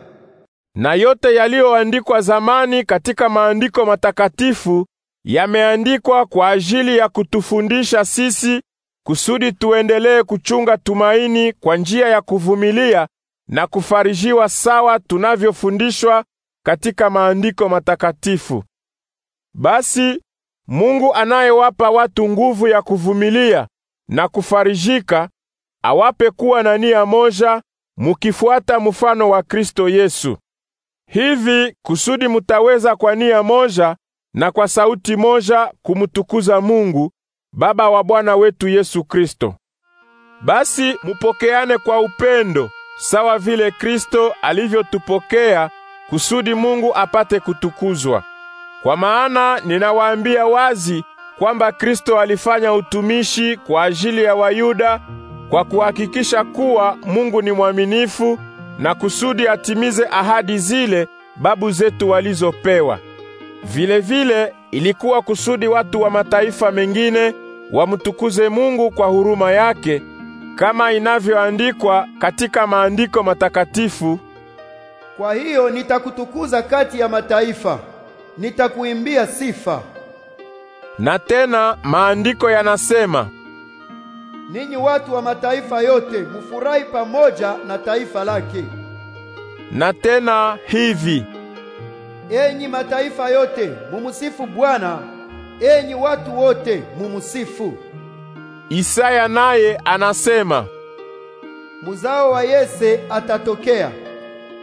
Na yote yaliyoandikwa zamani katika maandiko matakatifu yameandikwa kwa ajili ya kutufundisha sisi kusudi tuendelee kuchunga tumaini kwa njia ya kuvumilia na kufarijiwa sawa tunavyofundishwa katika maandiko matakatifu. Basi Mungu anayewapa watu nguvu ya kuvumilia na kufarijika awape kuwa na nia moja mukifuata mfano wa Kristo Yesu. Hivi kusudi mutaweza kwa nia moja na kwa sauti moja kumtukuza Mungu Baba wa Bwana wetu Yesu Kristo. Basi mupokeane kwa upendo sawa vile Kristo alivyotupokea kusudi Mungu apate kutukuzwa. Kwa maana ninawaambia wazi kwamba Kristo alifanya utumishi kwa ajili ya Wayuda kwa kuhakikisha kuwa Mungu ni mwaminifu na kusudi atimize ahadi zile babu zetu walizopewa. Vile vile ilikuwa kusudi watu wa mataifa mengine wamtukuze Mungu kwa huruma yake kama inavyoandikwa katika maandiko matakatifu, kwa hiyo nitakutukuza kati ya mataifa, nitakuimbia sifa. Na tena maandiko yanasema, ninyi watu wa mataifa yote mufurahi pamoja na taifa lake. Na tena hivi Enyi mataifa yote, mumusifu Bwana, enyi watu wote mumusifu. Isaya naye anasema, muzao wa Yese atatokea,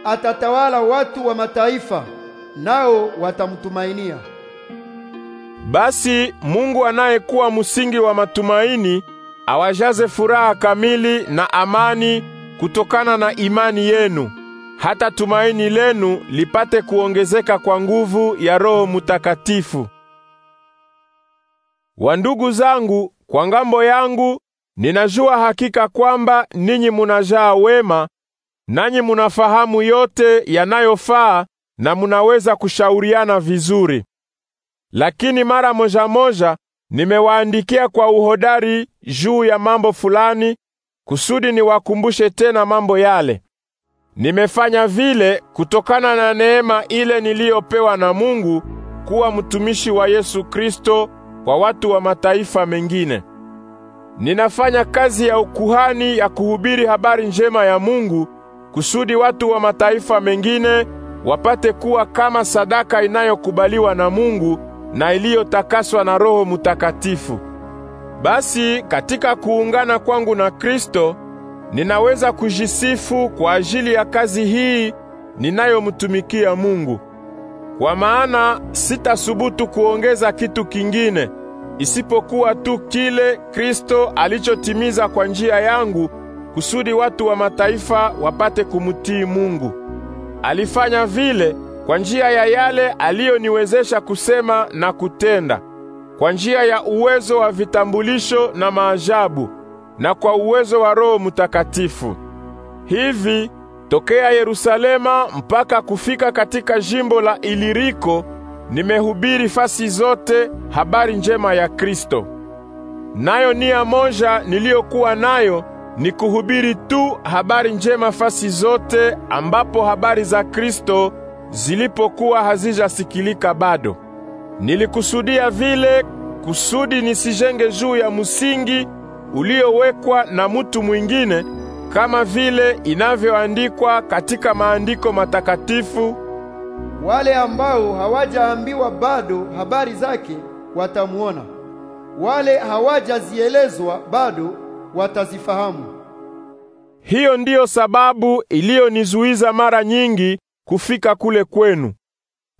atatawala watu wa mataifa, nao watamtumainia. Basi Mungu anayekuwa msingi wa matumaini awajaze furaha kamili na amani kutokana na imani yenu hata tumaini lenu lipate kuongezeka kwa nguvu ya Roho Mutakatifu. Wandugu zangu, kwa ngambo yangu ninajua hakika kwamba ninyi munajaa wema, nanyi munafahamu yote yanayofaa na munaweza kushauriana vizuri. Lakini mara moja moja nimewaandikia kwa uhodari juu ya mambo fulani kusudi niwakumbushe tena mambo yale. Nimefanya vile kutokana na neema ile niliyopewa na Mungu kuwa mtumishi wa Yesu Kristo kwa watu wa mataifa mengine. Ninafanya kazi ya ukuhani ya kuhubiri habari njema ya Mungu kusudi watu wa mataifa mengine wapate kuwa kama sadaka inayokubaliwa na Mungu na iliyotakaswa na Roho Mutakatifu. Basi katika kuungana kwangu na Kristo Ninaweza kujisifu kwa ajili ya kazi hii ninayomtumikia Mungu, kwa maana sitasubutu kuongeza kitu kingine isipokuwa tu kile Kristo alichotimiza kwa njia yangu kusudi watu wa mataifa wapate kumtii Mungu. Alifanya vile kwa njia ya yale aliyoniwezesha kusema na kutenda, kwa njia ya uwezo wa vitambulisho na maajabu na kwa uwezo wa Roho Mutakatifu. Hivi tokea Yerusalema mpaka kufika katika jimbo la Iliriko nimehubiri fasi zote habari njema ya Kristo. Nayo nia moja niliyokuwa nayo ni kuhubiri tu habari njema fasi zote ambapo habari za Kristo zilipokuwa hazijasikilika bado. Nilikusudia vile kusudi nisijenge juu ya msingi uliowekwa na mtu mwingine, kama vile inavyoandikwa katika maandiko matakatifu, wale ambao hawajaambiwa bado habari zake watamuona, wale hawajazielezwa bado watazifahamu. Hiyo ndiyo sababu iliyonizuiza mara nyingi kufika kule kwenu.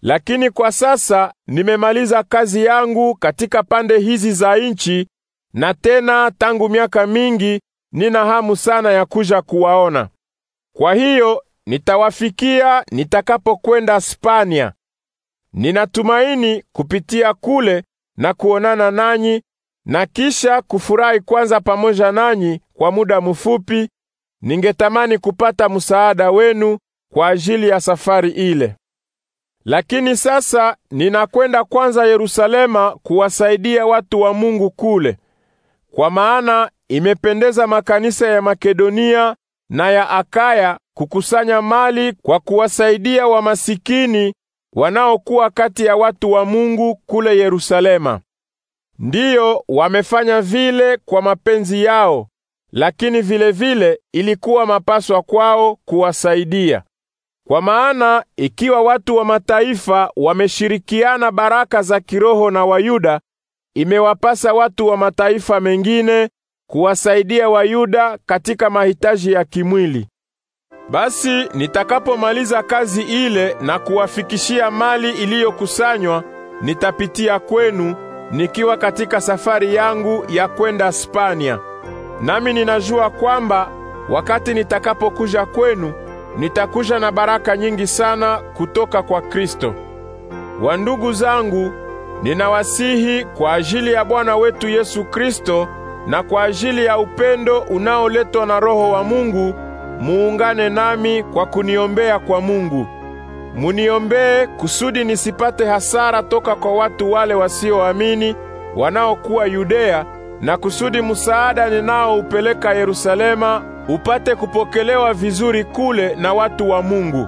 Lakini kwa sasa nimemaliza kazi yangu katika pande hizi za nchi na tena tangu miaka mingi nina hamu sana ya kuja kuwaona. Kwa hiyo nitawafikia nitakapokwenda Spania. Ninatumaini kupitia kule na kuonana nanyi na kisha kufurahi kwanza pamoja nanyi kwa muda mfupi. Ningetamani kupata msaada wenu kwa ajili ya safari ile. Lakini sasa ninakwenda kwanza Yerusalema kuwasaidia watu wa Mungu kule. Kwa maana imependeza makanisa ya Makedonia na ya Akaya kukusanya mali kwa kuwasaidia wamasikini wanaokuwa kati ya watu wa Mungu kule Yerusalema. Ndiyo, wamefanya vile kwa mapenzi yao, lakini vile vile ilikuwa mapaswa kwao kuwasaidia. Kwa maana ikiwa watu wa mataifa wameshirikiana baraka za kiroho na Wayuda imewapasa watu wa mataifa mengine kuwasaidia Wayuda katika mahitaji ya kimwili. Basi nitakapomaliza kazi ile na kuwafikishia mali iliyokusanywa, nitapitia kwenu nikiwa katika safari yangu ya kwenda Spania. Nami ninajua kwamba wakati nitakapokuja kwenu, nitakuja na baraka nyingi sana kutoka kwa Kristo. Wandugu zangu, Ninawasihi kwa ajili ya Bwana wetu Yesu Kristo na kwa ajili ya upendo unaoletwa na Roho wa Mungu, muungane nami kwa kuniombea kwa Mungu. Muniombee kusudi nisipate hasara toka kwa watu wale wasioamini wanaokuwa Yudea na kusudi msaada ninaoupeleka Yerusalema upate kupokelewa vizuri kule na watu wa Mungu.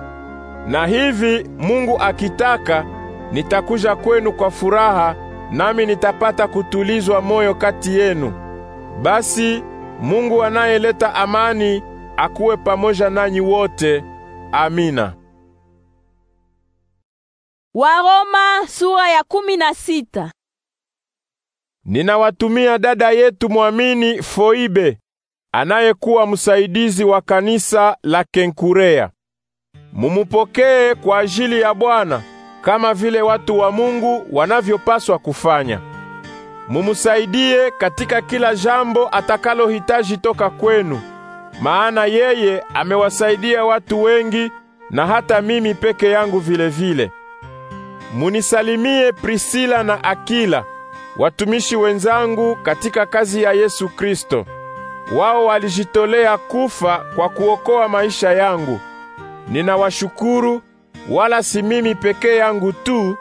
Na hivi Mungu akitaka nitakuja kwenu kwa furaha, nami nitapata kutulizwa moyo kati yenu. Basi Mungu anayeleta amani akuwe pamoja nanyi wote. Amina. Waroma sura ya kumi na sita. Ninawatumia dada yetu mwamini Foibe anayekuwa msaidizi wa kanisa la Kenkurea. Mumupokee kwa ajili ya Bwana kama vile watu wa Mungu wanavyopaswa kufanya. Mumusaidie katika kila jambo atakalohitaji toka kwenu, maana yeye amewasaidia watu wengi na hata mimi peke yangu vile vile. Munisalimie Prisila na Akila, watumishi wenzangu katika kazi ya Yesu Kristo. Wao walijitolea kufa kwa kuokoa maisha yangu. Ninawashukuru wala si mimi peke yangu tu,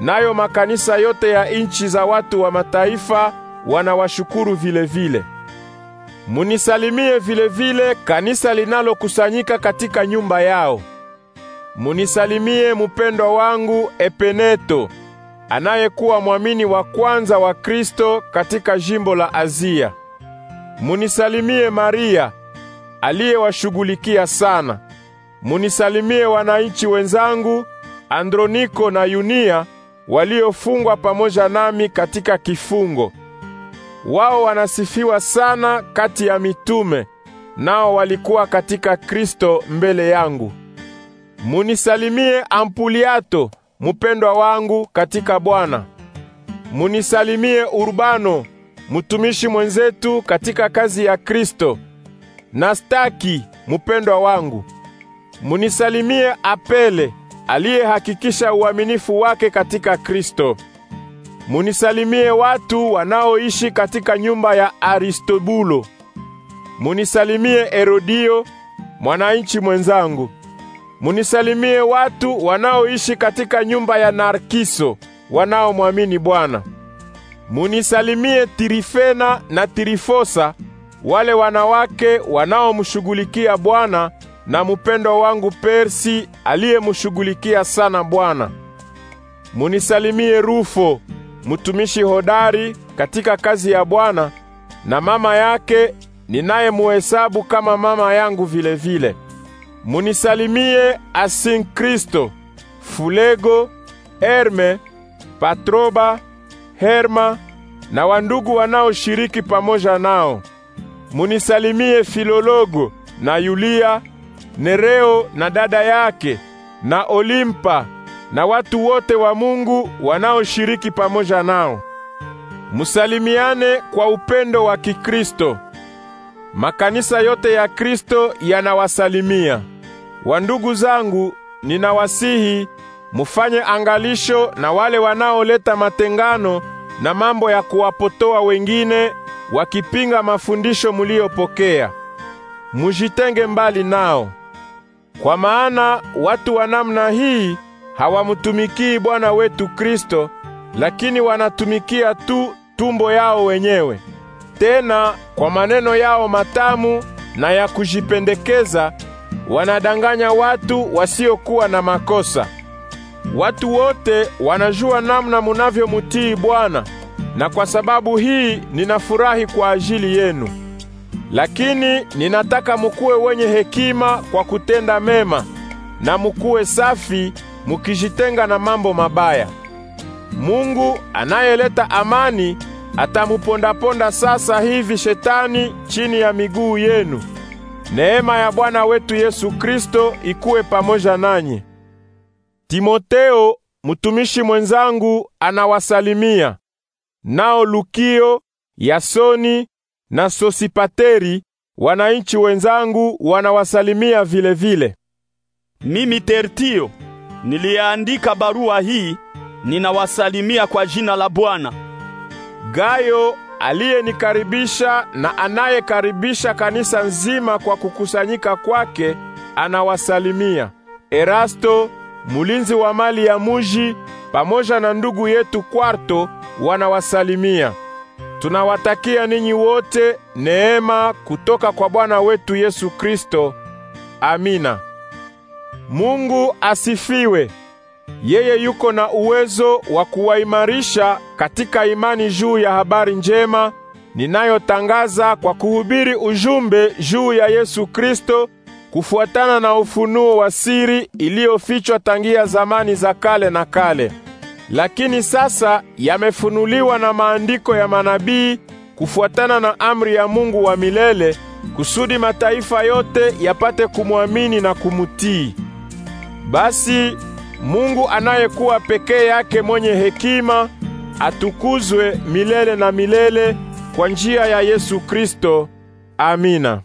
nayo makanisa yote ya inchi za watu wa mataifa wanawashukuru vilevile. Munisalimie vilevile kanisa linalokusanyika katika nyumba yao. Munisalimie mupendwa wangu Epeneto anayekuwa mwamini wa kwanza wa Kristo katika jimbo la Azia. Munisalimie Maria aliyewashughulikia sana. Munisalimie wananchi wenzangu Androniko na Yunia waliofungwa pamoja nami katika kifungo. Wao wanasifiwa sana kati ya mitume, nao walikuwa katika Kristo mbele yangu. Munisalimie Ampuliato mupendwa wangu katika Bwana. Munisalimie Urbano mtumishi mwenzetu katika kazi ya Kristo, Nastaki mupendwa wangu munisalimie Apele aliyehakikisha uaminifu wake katika Kristo. Munisalimie watu wanaoishi katika nyumba ya Aristobulo. Munisalimie Herodio, mwananchi mwenzangu. Munisalimie watu wanaoishi katika nyumba ya Narkiso, wanaomwamini Bwana. Munisalimie Tirifena na Tirifosa, wale wanawake wanaomshughulikia Bwana na mupendwa wangu Persi aliyemushughulikia sana Bwana. Munisalimie Rufo mtumishi hodari katika kazi ya Bwana na mama yake ninayemuhesabu kama mama yangu vilevile vile. Munisalimie Asinkristo, Fulego, Herme, Patroba, Herma na wandugu wanaoshiriki pamoja nao. Munisalimie Filologo na Yulia Nereo na dada yake na Olimpa na watu wote wa Mungu wanaoshiriki pamoja nao. Musalimiane kwa upendo wa Kikristo. Makanisa yote ya Kristo yanawasalimia. Wandugu zangu, ninawasihi mufanye angalisho na wale wanaoleta matengano na mambo ya kuwapotoa wengine wakipinga mafundisho muliyopokea. Mujitenge mbali nao. Kwa maana watu wa namna hii hawamtumikii Bwana wetu Kristo, lakini wanatumikia tu tumbo yao wenyewe. Tena kwa maneno yao matamu na ya kujipendekeza wanadanganya watu wasiokuwa na makosa. Watu wote wanajua namna munavyomutii Bwana, na kwa sababu hii ninafurahi kwa ajili yenu. Lakini ninataka mukuwe wenye hekima kwa kutenda mema na mukuwe safi mukijitenga na mambo mabaya. Mungu anayeleta amani atamuponda-ponda sasa hivi shetani chini ya miguu yenu. Neema ya Bwana wetu Yesu Kristo ikuwe pamoja nanyi. Timoteo mtumishi mwenzangu anawasalimia. Nao Lukio, Yasoni na Sosipateri, wananchi wenzangu wanawasalimia vile vile. Mimi Tertio niliandika barua hii, ninawasalimia kwa jina la Bwana. Gayo aliyenikaribisha na anayekaribisha kanisa nzima kwa kukusanyika kwake anawasalimia. Erasto mulinzi wa mali ya muji pamoja na ndugu yetu Kwarto wanawasalimia. Tunawatakia ninyi wote neema kutoka kwa Bwana wetu Yesu Kristo. Amina. Mungu asifiwe. Yeye yuko na uwezo wa kuwaimarisha katika imani juu ya habari njema ninayotangaza kwa kuhubiri ujumbe juu ya Yesu Kristo kufuatana na ufunuo wa siri iliyofichwa tangia zamani za kale na kale lakini sasa yamefunuliwa na maandiko ya manabii kufuatana na amri ya Mungu wa milele kusudi mataifa yote yapate kumwamini na kumutii. Basi Mungu anayekuwa pekee yake mwenye hekima atukuzwe milele na milele kwa njia ya Yesu Kristo. Amina.